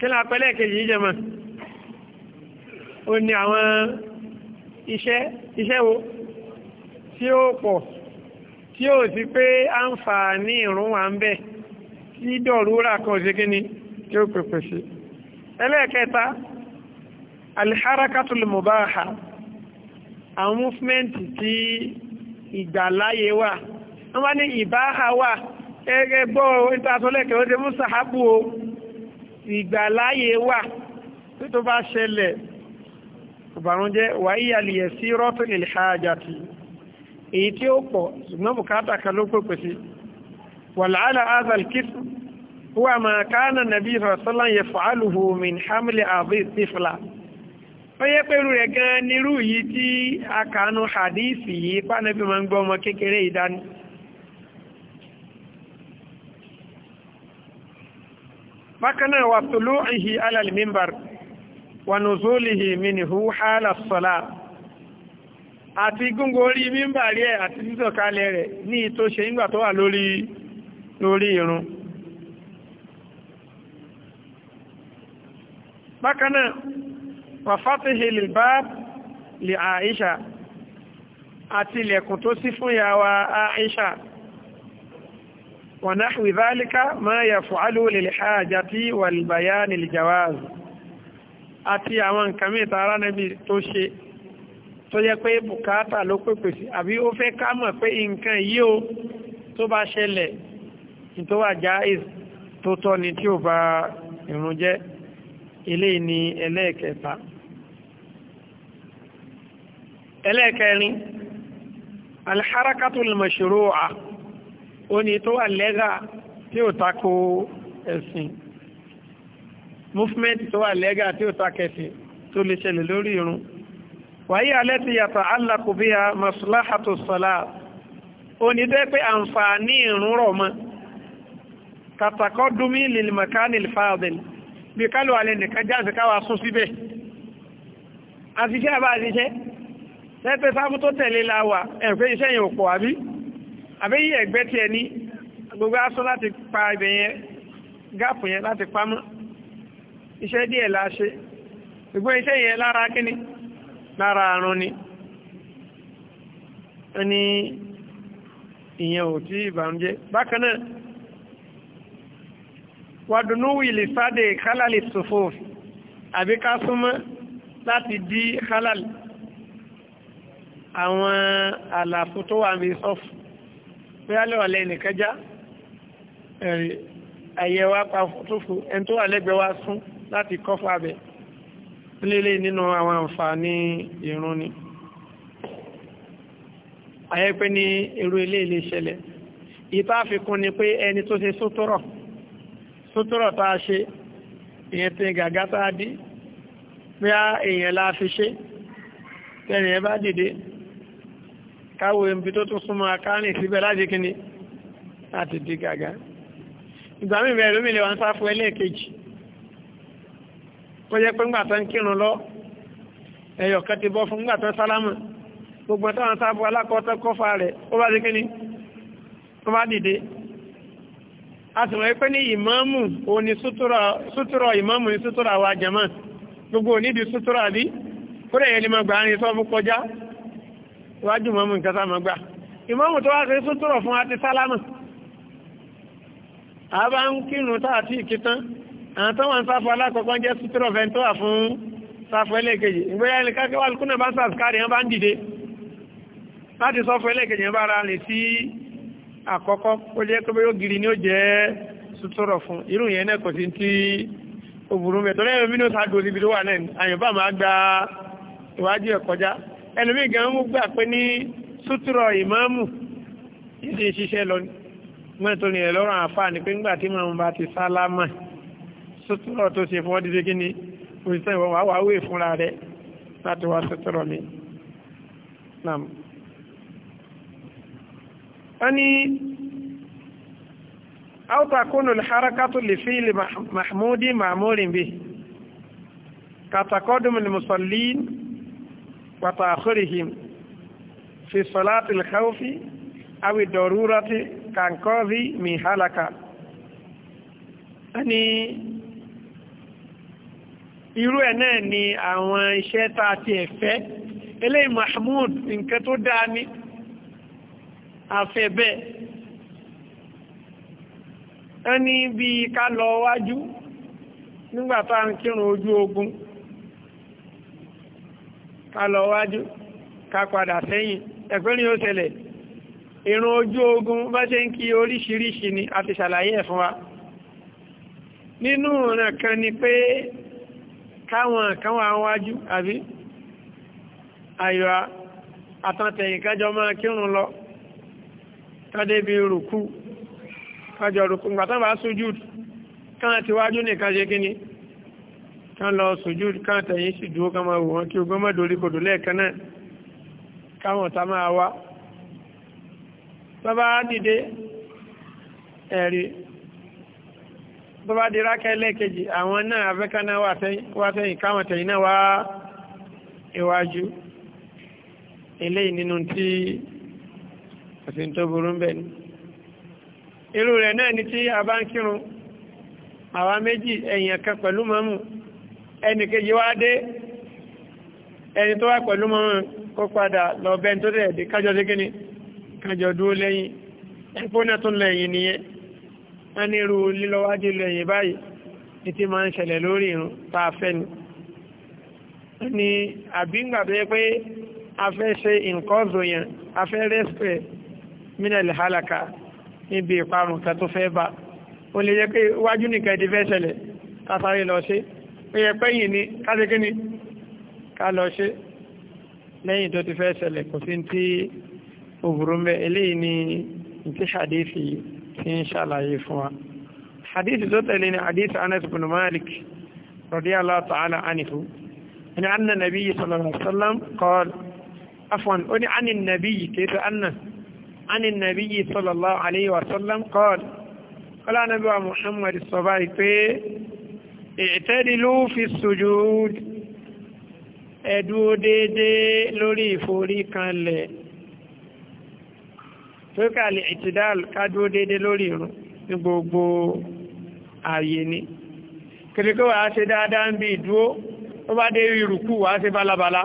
Speaker 1: kí ni apẹ́lẹ́kejì yìí jẹ́mọ̀ ó ní àwọn iṣẹ́ iṣẹ́ wo tí ó pọ̀ tí ó sì pé àǹfààní ìrún wà ń bẹ̀ tí dọ̀rúra kan sí kí ni tí ó pèpè sí ẹlẹ́ẹ̀kẹta aliharakatul mubaha àwọn múfúmẹ́ǹtì tí ìgbàláyé wà wọ́n bá ní ìbáha wà gẹ́gẹ́ gbọ́ ó ti mú sàhábù o ìgbàláyé wà tó bá ṣẹlẹ̀ ìbànújẹ́ wà íyàlìyẹ̀ sí rọ́tùlì hajjati èyí tí ó pọ̀ ṣùgbọ́n bùkátà kan ló pèpè sí wàlàálà azal kìtù wà máa káànà nàbí sọ̀sọ́lá yẹ fàálùhù min hamlin àbí sífìlà ó yẹ pẹ̀lú rẹ̀ gan nírú yìí tí a kànú hadisi yìí pánàbí ma ń gbọ́ ọmọ kékeré ìdání bákaná wà tùlú ìhì alàlì wà nùzúlìhì mìnìhú hálà sọ́lá àti gúngò orí mímbàrí ẹ̀ àti sísọ̀kalẹ̀ rẹ̀ ní ìtò ṣe nígbà tó wà lórí lórí irun bákanáà wà fátihì lè bá lè àìṣà àti ilẹ̀kùn tó ṣí fún ya wa àìṣà wà náà wìzálíká máa yà fún alóòlè lè hajjá tí wà lè bàyá nìlì jawaz àti àwọn nǹkan mẹ́ta ara nẹ́bí tó ṣe tó yẹ pé bùkátà ló pèpè sí àbí ó fẹ́ ká mọ̀ pé nǹkan yìí o tó bá ṣẹlẹ̀ tó wà jáìz tó tọ́ ni tí ò bá ìrun jẹ́ eléyìí ni ẹlẹ́ẹ̀kẹta ẹlẹ́ẹ̀kẹrin alharakatul mashru'a ó ní tó wà lẹ́gà tí ó tako ẹ̀sìn movement tó wà lẹ́gà tí ó takẹ̀sìn tó lè ṣẹlẹ̀ lórí irun wàyí alẹ́ ti yàtọ̀ alákùbíyà maslahatu sọ́lá onídẹ́ pé àǹfààní ìrún rọ̀ mọ́ tàtàkọ́ dúmí lìlìmọ̀kánì fàádìl bí kálù alẹ́ nìkan jáde káwà sún síbẹ̀ àfiṣẹ́ àbá àfiṣẹ́ lẹ́pẹ́ sáfú tó tẹ̀lé láwà ẹ̀pẹ́ iṣẹ́ yẹn òpò àbí àbẹ́yí ẹ̀gbẹ́ lára àrùn ni ẹni ìyẹn ò tí ìbànújẹ́ bákan náà wàdùnú wìlì sáde kálàlì sòfò àbí ká súnmọ́ láti dí kálàlì àwọn àlàfo tó wà ní sọ́fù pẹ́yàlẹ̀ wà lẹ́yìn kẹjá ẹ̀rì àyẹ̀wà pa tó ẹni tó wà lẹ́gbẹ̀ẹ́ wá sún láti kọ́fà bẹ̀ẹ́ nílé nínú àwọn àǹfààní ìrun ni ayẹ́pẹ́ ní irú ilé ilé ṣẹlẹ̀ ìta fikún ni pé ẹni tó ṣe sútúrọ̀ sútúrọ̀ tá a ṣe ìyẹn tí gàgá tá a dí bí a èèyàn la fi ṣe tẹ́nì ẹ bá dìde káwò ibi tó tún súnmọ́ akárìn síbẹ̀ láti kíni láti di gàgá ìgbàmí ìbẹ̀rẹ̀ lómìnira wọn sáfù ẹlẹ́ẹ̀kejì kó jẹ́ pé ńgbà tó ń kírun lọ ẹyọ kan ti bọ́ fún ńgbà tó sálámù gbogbo táwọn sábò alákọ̀ọ́tọ́ kọ́fà rẹ̀ ó bá di kíni ó bá dìde a sì mọ̀ pé ní ìmáàmù o sútúrọ̀ ìmáàmù ní sútúrọ̀ àwọn àjẹmọ́ gbogbo onídìí sútúrọ̀ àbí kúrẹ̀ yẹn ni mo gbà ní sọ́ọ̀bù kọjá iwájú mọ́mù nǹkan sáà mọ́ gbà ìmáàmù tó wá sí sútúrọ̀ fún àti sálámù àbá ń kírun táà tí ì kí tán àwọn tó wà ń sáfọ alákọ̀ọ́kọ́ jẹ́ sutura ọ̀fẹ́ tó wà fún sáfọ ẹlẹ́ẹ̀kejì ìgbéyà ilẹ̀ kákẹ́wà lùkúnà bá sàskárì wọn bá ń dìde láti sọ́fọ ẹlẹ́ẹ̀kejì wọn bá ara rìn sí àkọ́kọ́ ó jẹ́ pé yóò giri ni ó jẹ́ sutura fún irú yẹn náà kò sí ti ìdí ìṣiṣẹ́ lọ mẹ́tọ́ ni ẹ̀ lọ́rọ̀ àǹfààní pé ńgbà tí màmú bá ti sálámà sọ́tọ̀rọ̀ tó ṣe fún ọdíde gíní òṣìṣẹ́ ìwọ̀n wà wáwé fúnra rẹ̀ láti wá sọ́tọ̀rọ̀ mi náà a ní áùtàkónù harakatu lè fi ilẹ̀ mahmudi mahmurin bí katakọ́dùmùn musallin wàtàkùrihim fi sọ́látìl khawfi awi dọ̀rúrati kankọ́vi mi halaka a ní irú ẹ̀ náà ni àwọn iṣẹ́ tá a ti ẹ̀fẹ́ eléyìí mahmud nǹkan tó dáa ní àfẹ́bẹ́ ẹni bí ká lọ wájú nígbà tá à ń kírun ojú ogun ká lọ wájú ká padà sẹ́yìn ẹ̀pẹ́rin ó ṣẹlẹ̀ ìrun ojú ogun bá ṣe ń kí oríṣiríṣi ni a ti ṣàlàyé ẹ̀ wa nínú ọ̀nà kan ni pé káwọn kan wà wájú àbí àyíwá àtàntẹ̀yìn kájọ máa kírun lọ kádé bí rùkú kájọ rùkú gbàtàbà sujúd káà ti wájú nìkan ṣe kíní kan lọ sujúd káàtẹ̀yìn sì dúó kan máa wò wọn kí ogun mọ́ dorí kodò lẹ́ẹ̀kan náà káwọn ta máa wá bàbá dìde ẹ̀rí tó bá di rákẹ́ lẹ́ẹ̀kejì àwọn náà afẹ́káná wá sẹ́yìn káwọn tẹ̀yìn náà wá iwájú eléyìí nínú tí òfin tó burú ń bẹ̀ ni irú rẹ̀ náà ni tí a bá ń kírun àwa méjì ẹ̀yìn kan pẹ̀lú mọ́mù ẹnì kejì wá dé ẹni tó wá pẹ̀lú mọ́mù kó padà lọ bẹ́ẹ̀ tó dẹ̀ dé kájọ sí kíni kájọ lẹ́yìn nìyẹn wọ́n ní irú lílọ́wájú lẹ́yìn báyìí ní ti máa ń ṣẹlẹ̀ lórí irun tá a fẹ́ ni wọ́n ní àbíǹgbà tó yẹ pé a fẹ́ ṣe nǹkan zòyàn a fẹ́ rẹ́sìpẹ̀ mínàlì hálàkà níbi ìparun kan tó fẹ́ bá ó lè jẹ́ pé iwájú nìkan ti fẹ́ ṣẹlẹ̀ ká lọ ṣe ó yẹ pé yìí ni ká ṣe kíni ká lọ ṣe lẹ́yìn tó ti fẹ́ ṣẹlẹ̀ kò sí ti òbúrú mẹ́ eléyìí ni ìtìṣàdé fi yìí tí ń ṣàlàyé fún wa hadith tó tẹ̀lé ni hadith anas bin malik radiyallahu ta'ala anhu ni anna nabiyyi sallallahu alaihi wasallam qala afwan oni anin nabiyyi kayta anna anin nabiyyi sallallahu alaihi wasallam qala qala nabi wa muhammad sabai pe i'tadilu fi sujud ẹ dúró déédéé lórí ìforí tókè àlè ìtìdáàl kádúró déédé lórí irun ní gbogbo ààyè ni kìrìkó wà á ṣe dáadáa ń bí ìdúró ó bá dé ìrùkú wà á ṣe bálabàlá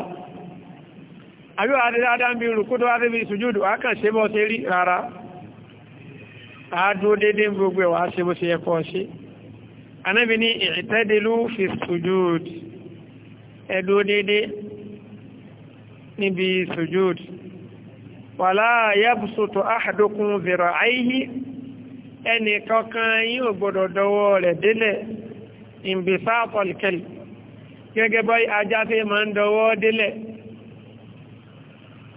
Speaker 1: àbí wà á ṣe dáadáa ń bí ìrùkú tó wá ṣe bí ìsùjúdù wà á kàn ṣe bọ́ ṣe rí níbi sùjúdù wàlá yẹ́bùsùtò áhàdókun zèrò àìyí ẹnì kankan yín ò gbọ́dọ̀ dọwọ́ rẹ̀ délẹ̀ ìmbèsà pọ̀lìkẹ́lì gẹ́gẹ́ bọ́ ajá ma ń dọwọ́ délẹ̀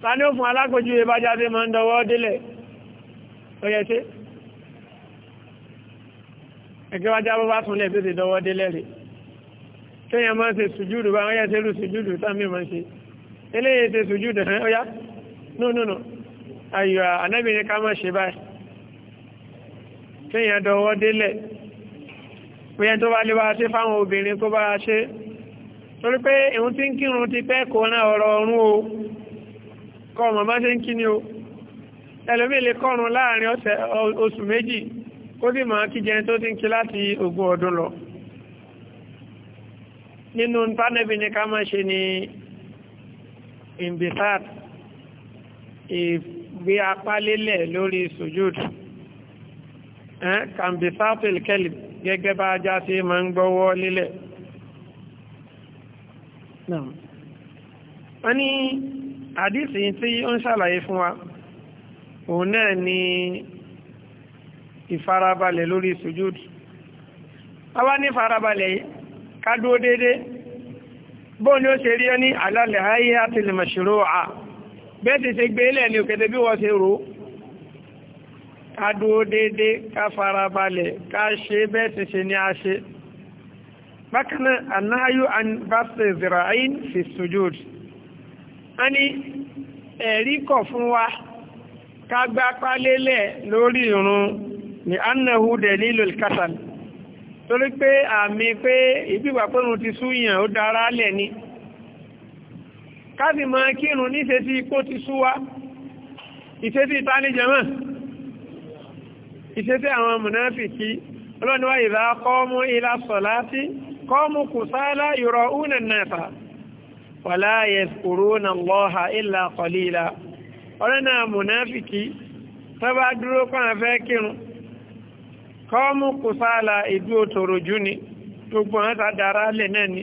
Speaker 1: ta ní ó fún ma ń dọwọ́ délẹ̀ ó yẹ bọ́ bá túnlẹ̀ tó no no no ayò ànábì ní ká má ṣe báyìí téèyàn dọwọ́ délẹ̀ bóyá tó bá lè bá ṣe fáwọn obìnrin kó bá ṣe torí pé ìhun tí ń kírun ti pẹ́ kó na ọ̀rọ̀ ọ̀run o kọ́ ọmọ bá ṣe ń kí ni o ẹlòmí lè kọ́run láàrin ọ̀sẹ̀ oṣù méjì kó sì máa kí jẹun tó ti ń kí láti ogún ọdún lọ nínú tánẹ́bì ní ká má ṣe ni ìmbìsáàtì ìgbé apá lélẹ̀ lórí sujud kàmbìsáfìl kẹlì gẹ́gẹ́ bá ajá sí ma ń gbọ́wọ́ lélẹ̀ wọ́n ní àdísì tí ó ń ṣàlàyé fún wa òun náà ni ìfarabalẹ̀ lórí sujud a wá ní farabalẹ̀ kádúó déédéé bóun ni ó ṣe rí ọ ní alálẹ̀ ayé àti lè bẹ́ẹ̀ ti ṣe gbé ilẹ̀ ní òkèdè bí wọ́n ṣe rò ká dúó déédé ká farabalẹ̀ ká ṣe bẹ́ẹ̀ ti ṣe ní a ṣe bákanáà anáyú an báṣẹ̀ zira'in fi sujud a ní ẹ̀rí kọ̀ fún wa ká gbá pálélẹ̀ lórí ìrun ní annahu dalilul kasal torí pé àmì pé ìbígbà pẹ́rùn ti súyàn ó dára lẹ̀ ni káàdì máa kírun níṣe sí ikó ti súwá ìṣe sí ìtàníjẹmọ́ ìṣe sí àwọn mùnáfìkì ọlọ́niwá ìdá kọ́mú ilá sọ̀láti kọ́mú kùsálá yọrọ̀ únà náà wàlá yẹ̀kùrúnà lọ́ha ilá kọlíla gbogbo wọn ta dára náà ni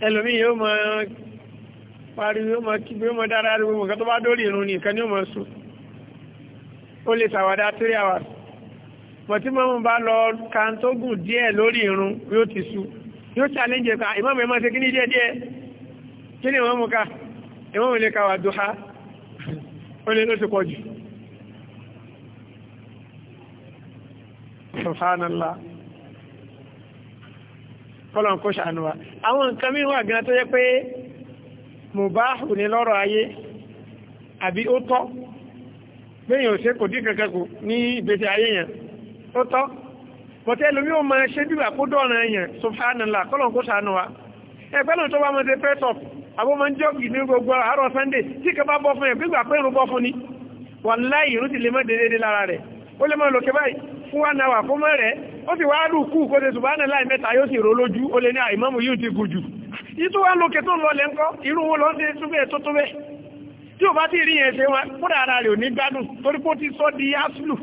Speaker 1: ẹlòmí yóò mọ pariwo yóò mọ kígbe yóò mọ dára ariwo mọ kátó bá dórí irun nìkan ni yóò mọ sùn ó lè sàwádà three hours mọ̀tí mọ́mú bá lọ kan tó gùn díẹ̀ lórí irun yóò ti sùn yóò challenge ka ìmọ̀mù ẹ̀ máa ṣe kíní díẹ̀ díẹ̀ kíní ìmọ̀mù ká ìmọ̀mù lè ka wà dùhá ó lè ló ti pọ̀ jù subhanallah kọ́lọ̀n kó ṣàánú wa àwọn nǹkan mí wà gan tó yẹ pé mùbáhù ní lọ́rọ̀ ayé àbí ó tọ́ bẹ́yìn ò ṣe kò dí kankan kù ní ìgbésẹ̀ ayé yẹn ó tọ́ bọ̀tẹ́ lómi ó máa ṣe bí àkódọ̀ ọ̀nà yẹn subhanallah kọ́lọ̀n kó ṣàánú wa ẹgbẹ́ náà tó bá mọ́ ṣe pẹ́tọ̀ àbọ́mọ́ ní gbogbo àárọ̀ ó lè mọ́ lòkè báyìí fún wá náwà fún mọ́ rẹ̀ ó sì wá rù kú kó ṣe ṣùgbọ́n láì mẹ́ta yóò sì rò lójú ó lè ní àìmọ́mù ah, yóò ti gùjù ìtú wá lòkè tó lọ lẹ́ ńkọ́ irú wọn lọ sí súnbẹ̀ tó tó bẹ́ tí ò bá ti rí yẹn ṣe wọn kódà ara rẹ̀ ò ní gbádùn torí pó ti sọ di áṣùlù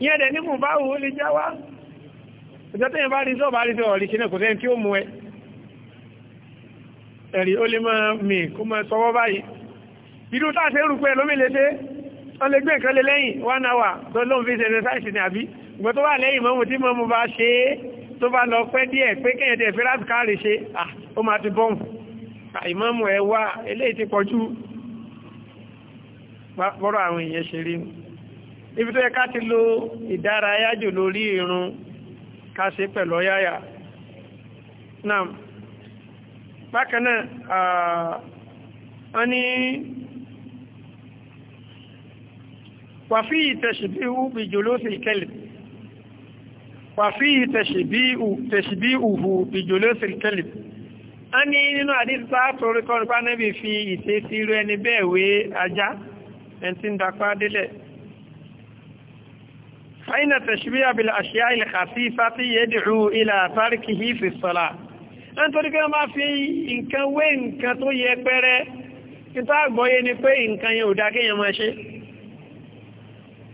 Speaker 1: ìyẹn dẹ̀ ní mùbá wo lè já wá ìjọ tẹ́yìn bá rí sọ́ọ̀ rí sọ́ọ̀ ṣe náà kò sẹ́ni tí ó mú ẹ ẹ̀rí ó lè máa mì kó máa sọwọ́ báyìí ìlú táà ṣe rú pé lómi lè ṣe wọ́n gbé nǹkan lé lẹ́yìn one hour tó lóun fi ṣe exercise ní àbí ìgbọ́n tó wà lẹ́yìn mọ́mù tí mọ́mù bá ṣe é tó bá lọ pẹ́ díẹ̀ pé kẹ́yìn tẹ̀ fẹ́ láti káàrí ṣe ó máa ti bọ́mù ìmọ́mù ẹ̀ wá eléyìí ti pọ̀jú bọ́rọ̀ àwọn èèyàn ṣe rí ibi tó yẹ ká ti lo ìdárayá jù lórí wọ́n ní وفيه تشبيه بجلوس الكلب وفيه تشبيه تشبيهه بجلوس الكلب ani nínú àdísá torí kọ́ nípa níbi fi ìṣe sí irú ẹni bẹ́ẹ̀ wé ajá ẹni tí ń dapá délẹ̀ fàínà tẹ̀ṣbí àbìlà àṣíyá ìlẹ̀kàfí fàtí yẹ́dìrú ilà àtàríkì hìfì sọ́lá ẹni torí kí wọ́n máa fi nǹkan wé nǹkan tó yẹ pẹ́rẹ́ ìtàgbọ́yé ni pé nǹkan yẹn ò dá kéèyàn máa ṣe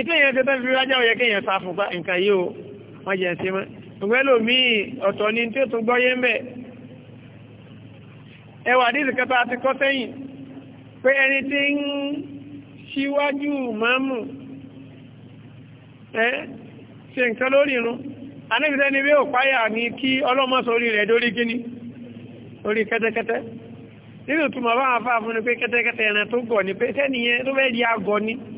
Speaker 1: ètò èèyàn tó tẹ́lẹ̀ fíwájá òyẹ kí èèyàn sáfún pa nǹkan o wọ́n jẹ́ sí mọ́ ìgbẹ́ lòmíì ọ̀tọ̀ ni tí ó tún gbọ́yé ẹwà díìsì kẹta ti kọ́ sẹ́yìn pé ẹni tí ń mọ́mù ẹ́ ṣe nǹkan lórí anẹ́bìtẹ́ ni bí ní kí ọlọ́mọ́sọ orí rẹ̀ dórí kíní orí kẹ́tẹ́kẹ́tẹ́ nínú túnmọ̀ bá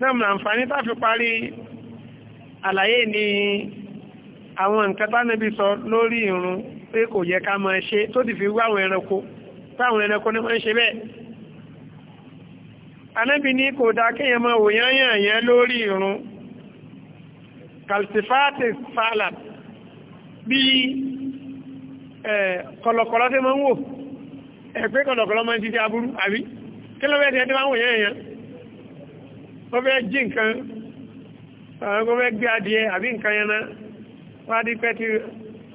Speaker 1: náà àǹfààní tá fi parí àlàyé ni àwọn nǹkan tánàbí sọ lórí ìrun pé kò yẹ ká máa ṣe tó ti fi wá àwọn ẹranko táwọn ẹranko ní máa ṣe bẹ́ẹ̀ anábì ní kò dá kéèyàn máa wò lórí ìrun kalsifati salad bí kọ̀lọ̀kọ̀lọ̀ tí máa ń wò ẹ̀pẹ́ kọ̀lọ̀kọ̀lọ̀ máa ń ti ti aburú àbí kí ló bẹ́ẹ̀ ẹ ó fẹ́ jí nǹkan ó fẹ́ gbé adìẹ àbí nǹkan yẹn náà wá dí pẹ́ tí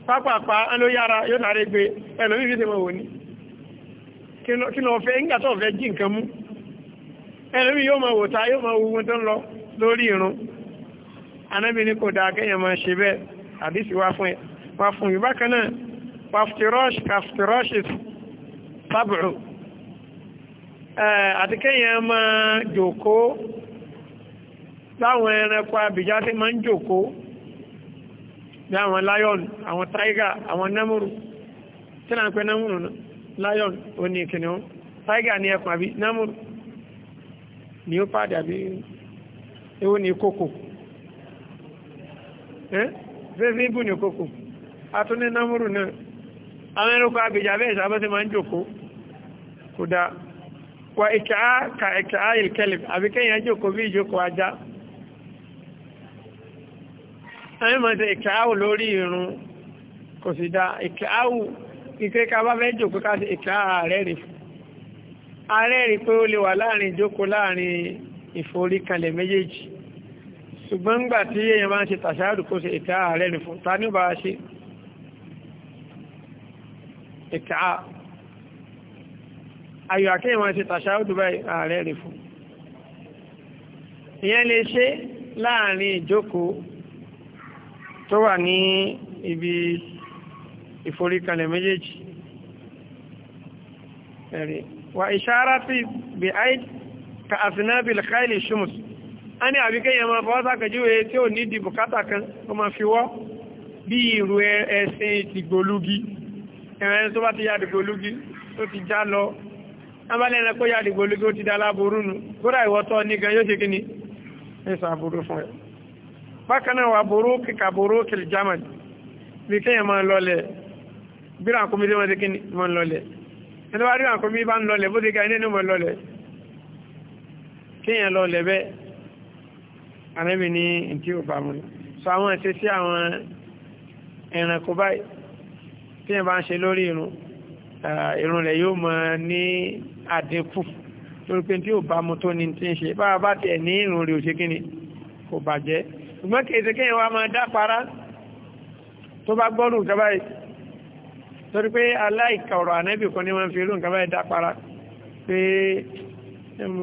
Speaker 1: pápápá ló yára yóò sáré gbé ẹ̀nà mímí ti mọ̀ wò ní kí lọ fẹ́ nígbà tó fẹ́ jí nǹkan mú ẹ̀nà mí yóò mọ̀ wò ta yóò mọ̀ wo tó ń lọ lórí irun anábì ní kò dáa kẹ́yàn máa ṣe bẹ́ẹ̀ àdísì wá wá fún yìí bákan náà paftirosh kaftirosh sábùrù àti kẹ́yàn máa jòkó láwọn ẹranko abìjá tí ma ń jòkó bí àwọn lion àwọn tiger àwọn namuru tí náà pẹ́ namuru lion ó ní kìnnìún tiger ní ẹkùn àbí namuru ní ó pàdé àbí ewu ní kókò fẹ́fẹ́ ibù ní kókò atúní namuru náà àwọn ẹranko abìjá bẹ́ẹ̀ sábẹ́ ma ń jòkó àwọn ìmọ̀ ṣe ìkàáwù lórí irun kò sì dá ìkàáwù ìpé ká bá fẹ́ jòkó ká sí ìkàá ààrẹ rí ààrẹ rí pé ó lè wà láàrin ìjókòó láàrin ìforíkanlẹ̀ méjèèjì ṣùgbọ́n ńgbà tí èèyàn máa ń ṣe tàṣáàdù kó ṣe ìkàá ààrẹ rí fún ta ní láàrin ìjókòó tó wà ní ibi ìforíkalẹ̀ méjèèjì ẹ̀rí wà ìṣára tí bí i ka àfinábìl káìlì ṣùmùs a ní àbíkẹ́yẹ ma fọ́ sákàjúwé tí ò ní dìbò kátàkan ó ma fi wọ́ bí ìrù ẹ̀sìn ìgbòlúgi ẹ̀rẹ́ tó bá ti yàdìgbò lúgi tó ti já lọ abálẹ́rẹ́ kó yàdìgbò lúgi ó ti dá láború nù kódà ìwọ́tọ́ ní gan yóò ṣe kí ẹ̀sàbúrú fún ẹ̀ bákanáà wà burúkú ka burúkú jamani bí kéèyàn máa lọlẹ̀ bí ràkúnmí tí wọ́n ti kí máa lọlẹ̀ ẹni wá rí ràkúnmí bá ń lọlẹ̀ bó ti ga inú máa lọlẹ̀ kéèyàn lọlẹ̀ bẹ́ẹ̀ àrẹ́bì ní ìtí ò bá mú so àwọn ẹ̀ṣẹ́ sí àwọn ẹranko báyìí kéèyàn bá ń ṣe lórí irun eh, irun rẹ̀ yóò máa ní àdínkù torí tí ò bá mú tó ní ti ń ṣe bá a bá tiẹ̀ ní irun rẹ̀ ò kò bàjẹ́ ṣùgbọ́n kèèṣe kéèyàn wá máa dápara tó bá gbọ́rù nǹkan báyìí torí pé aláìka ọ̀rọ̀ ànábì kan ní wọ́n fi irú nǹkan báyìí dápara pé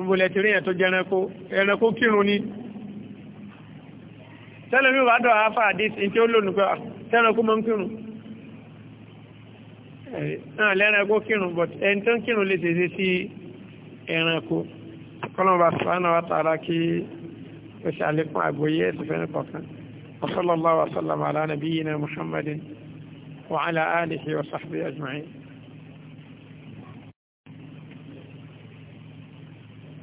Speaker 1: mọ̀lẹ̀ ti rí yẹn tó jẹ ẹranko kírun ni tẹ́lẹ̀ mi wà dọ̀ àáfà àdísì tí ó lónìí pé ah, tẹ́ranko mọ́ kírun náà lẹ́ranko kírun but ẹni tó ń kírun lè ṣèṣe sí ẹranko kọ́lọ́mọba sọ́nà wa tààrà kí تسألكم أبوية بن البطن وصلى الله وسلم على نبينا محمد وعلى آله وصحبه أجمعين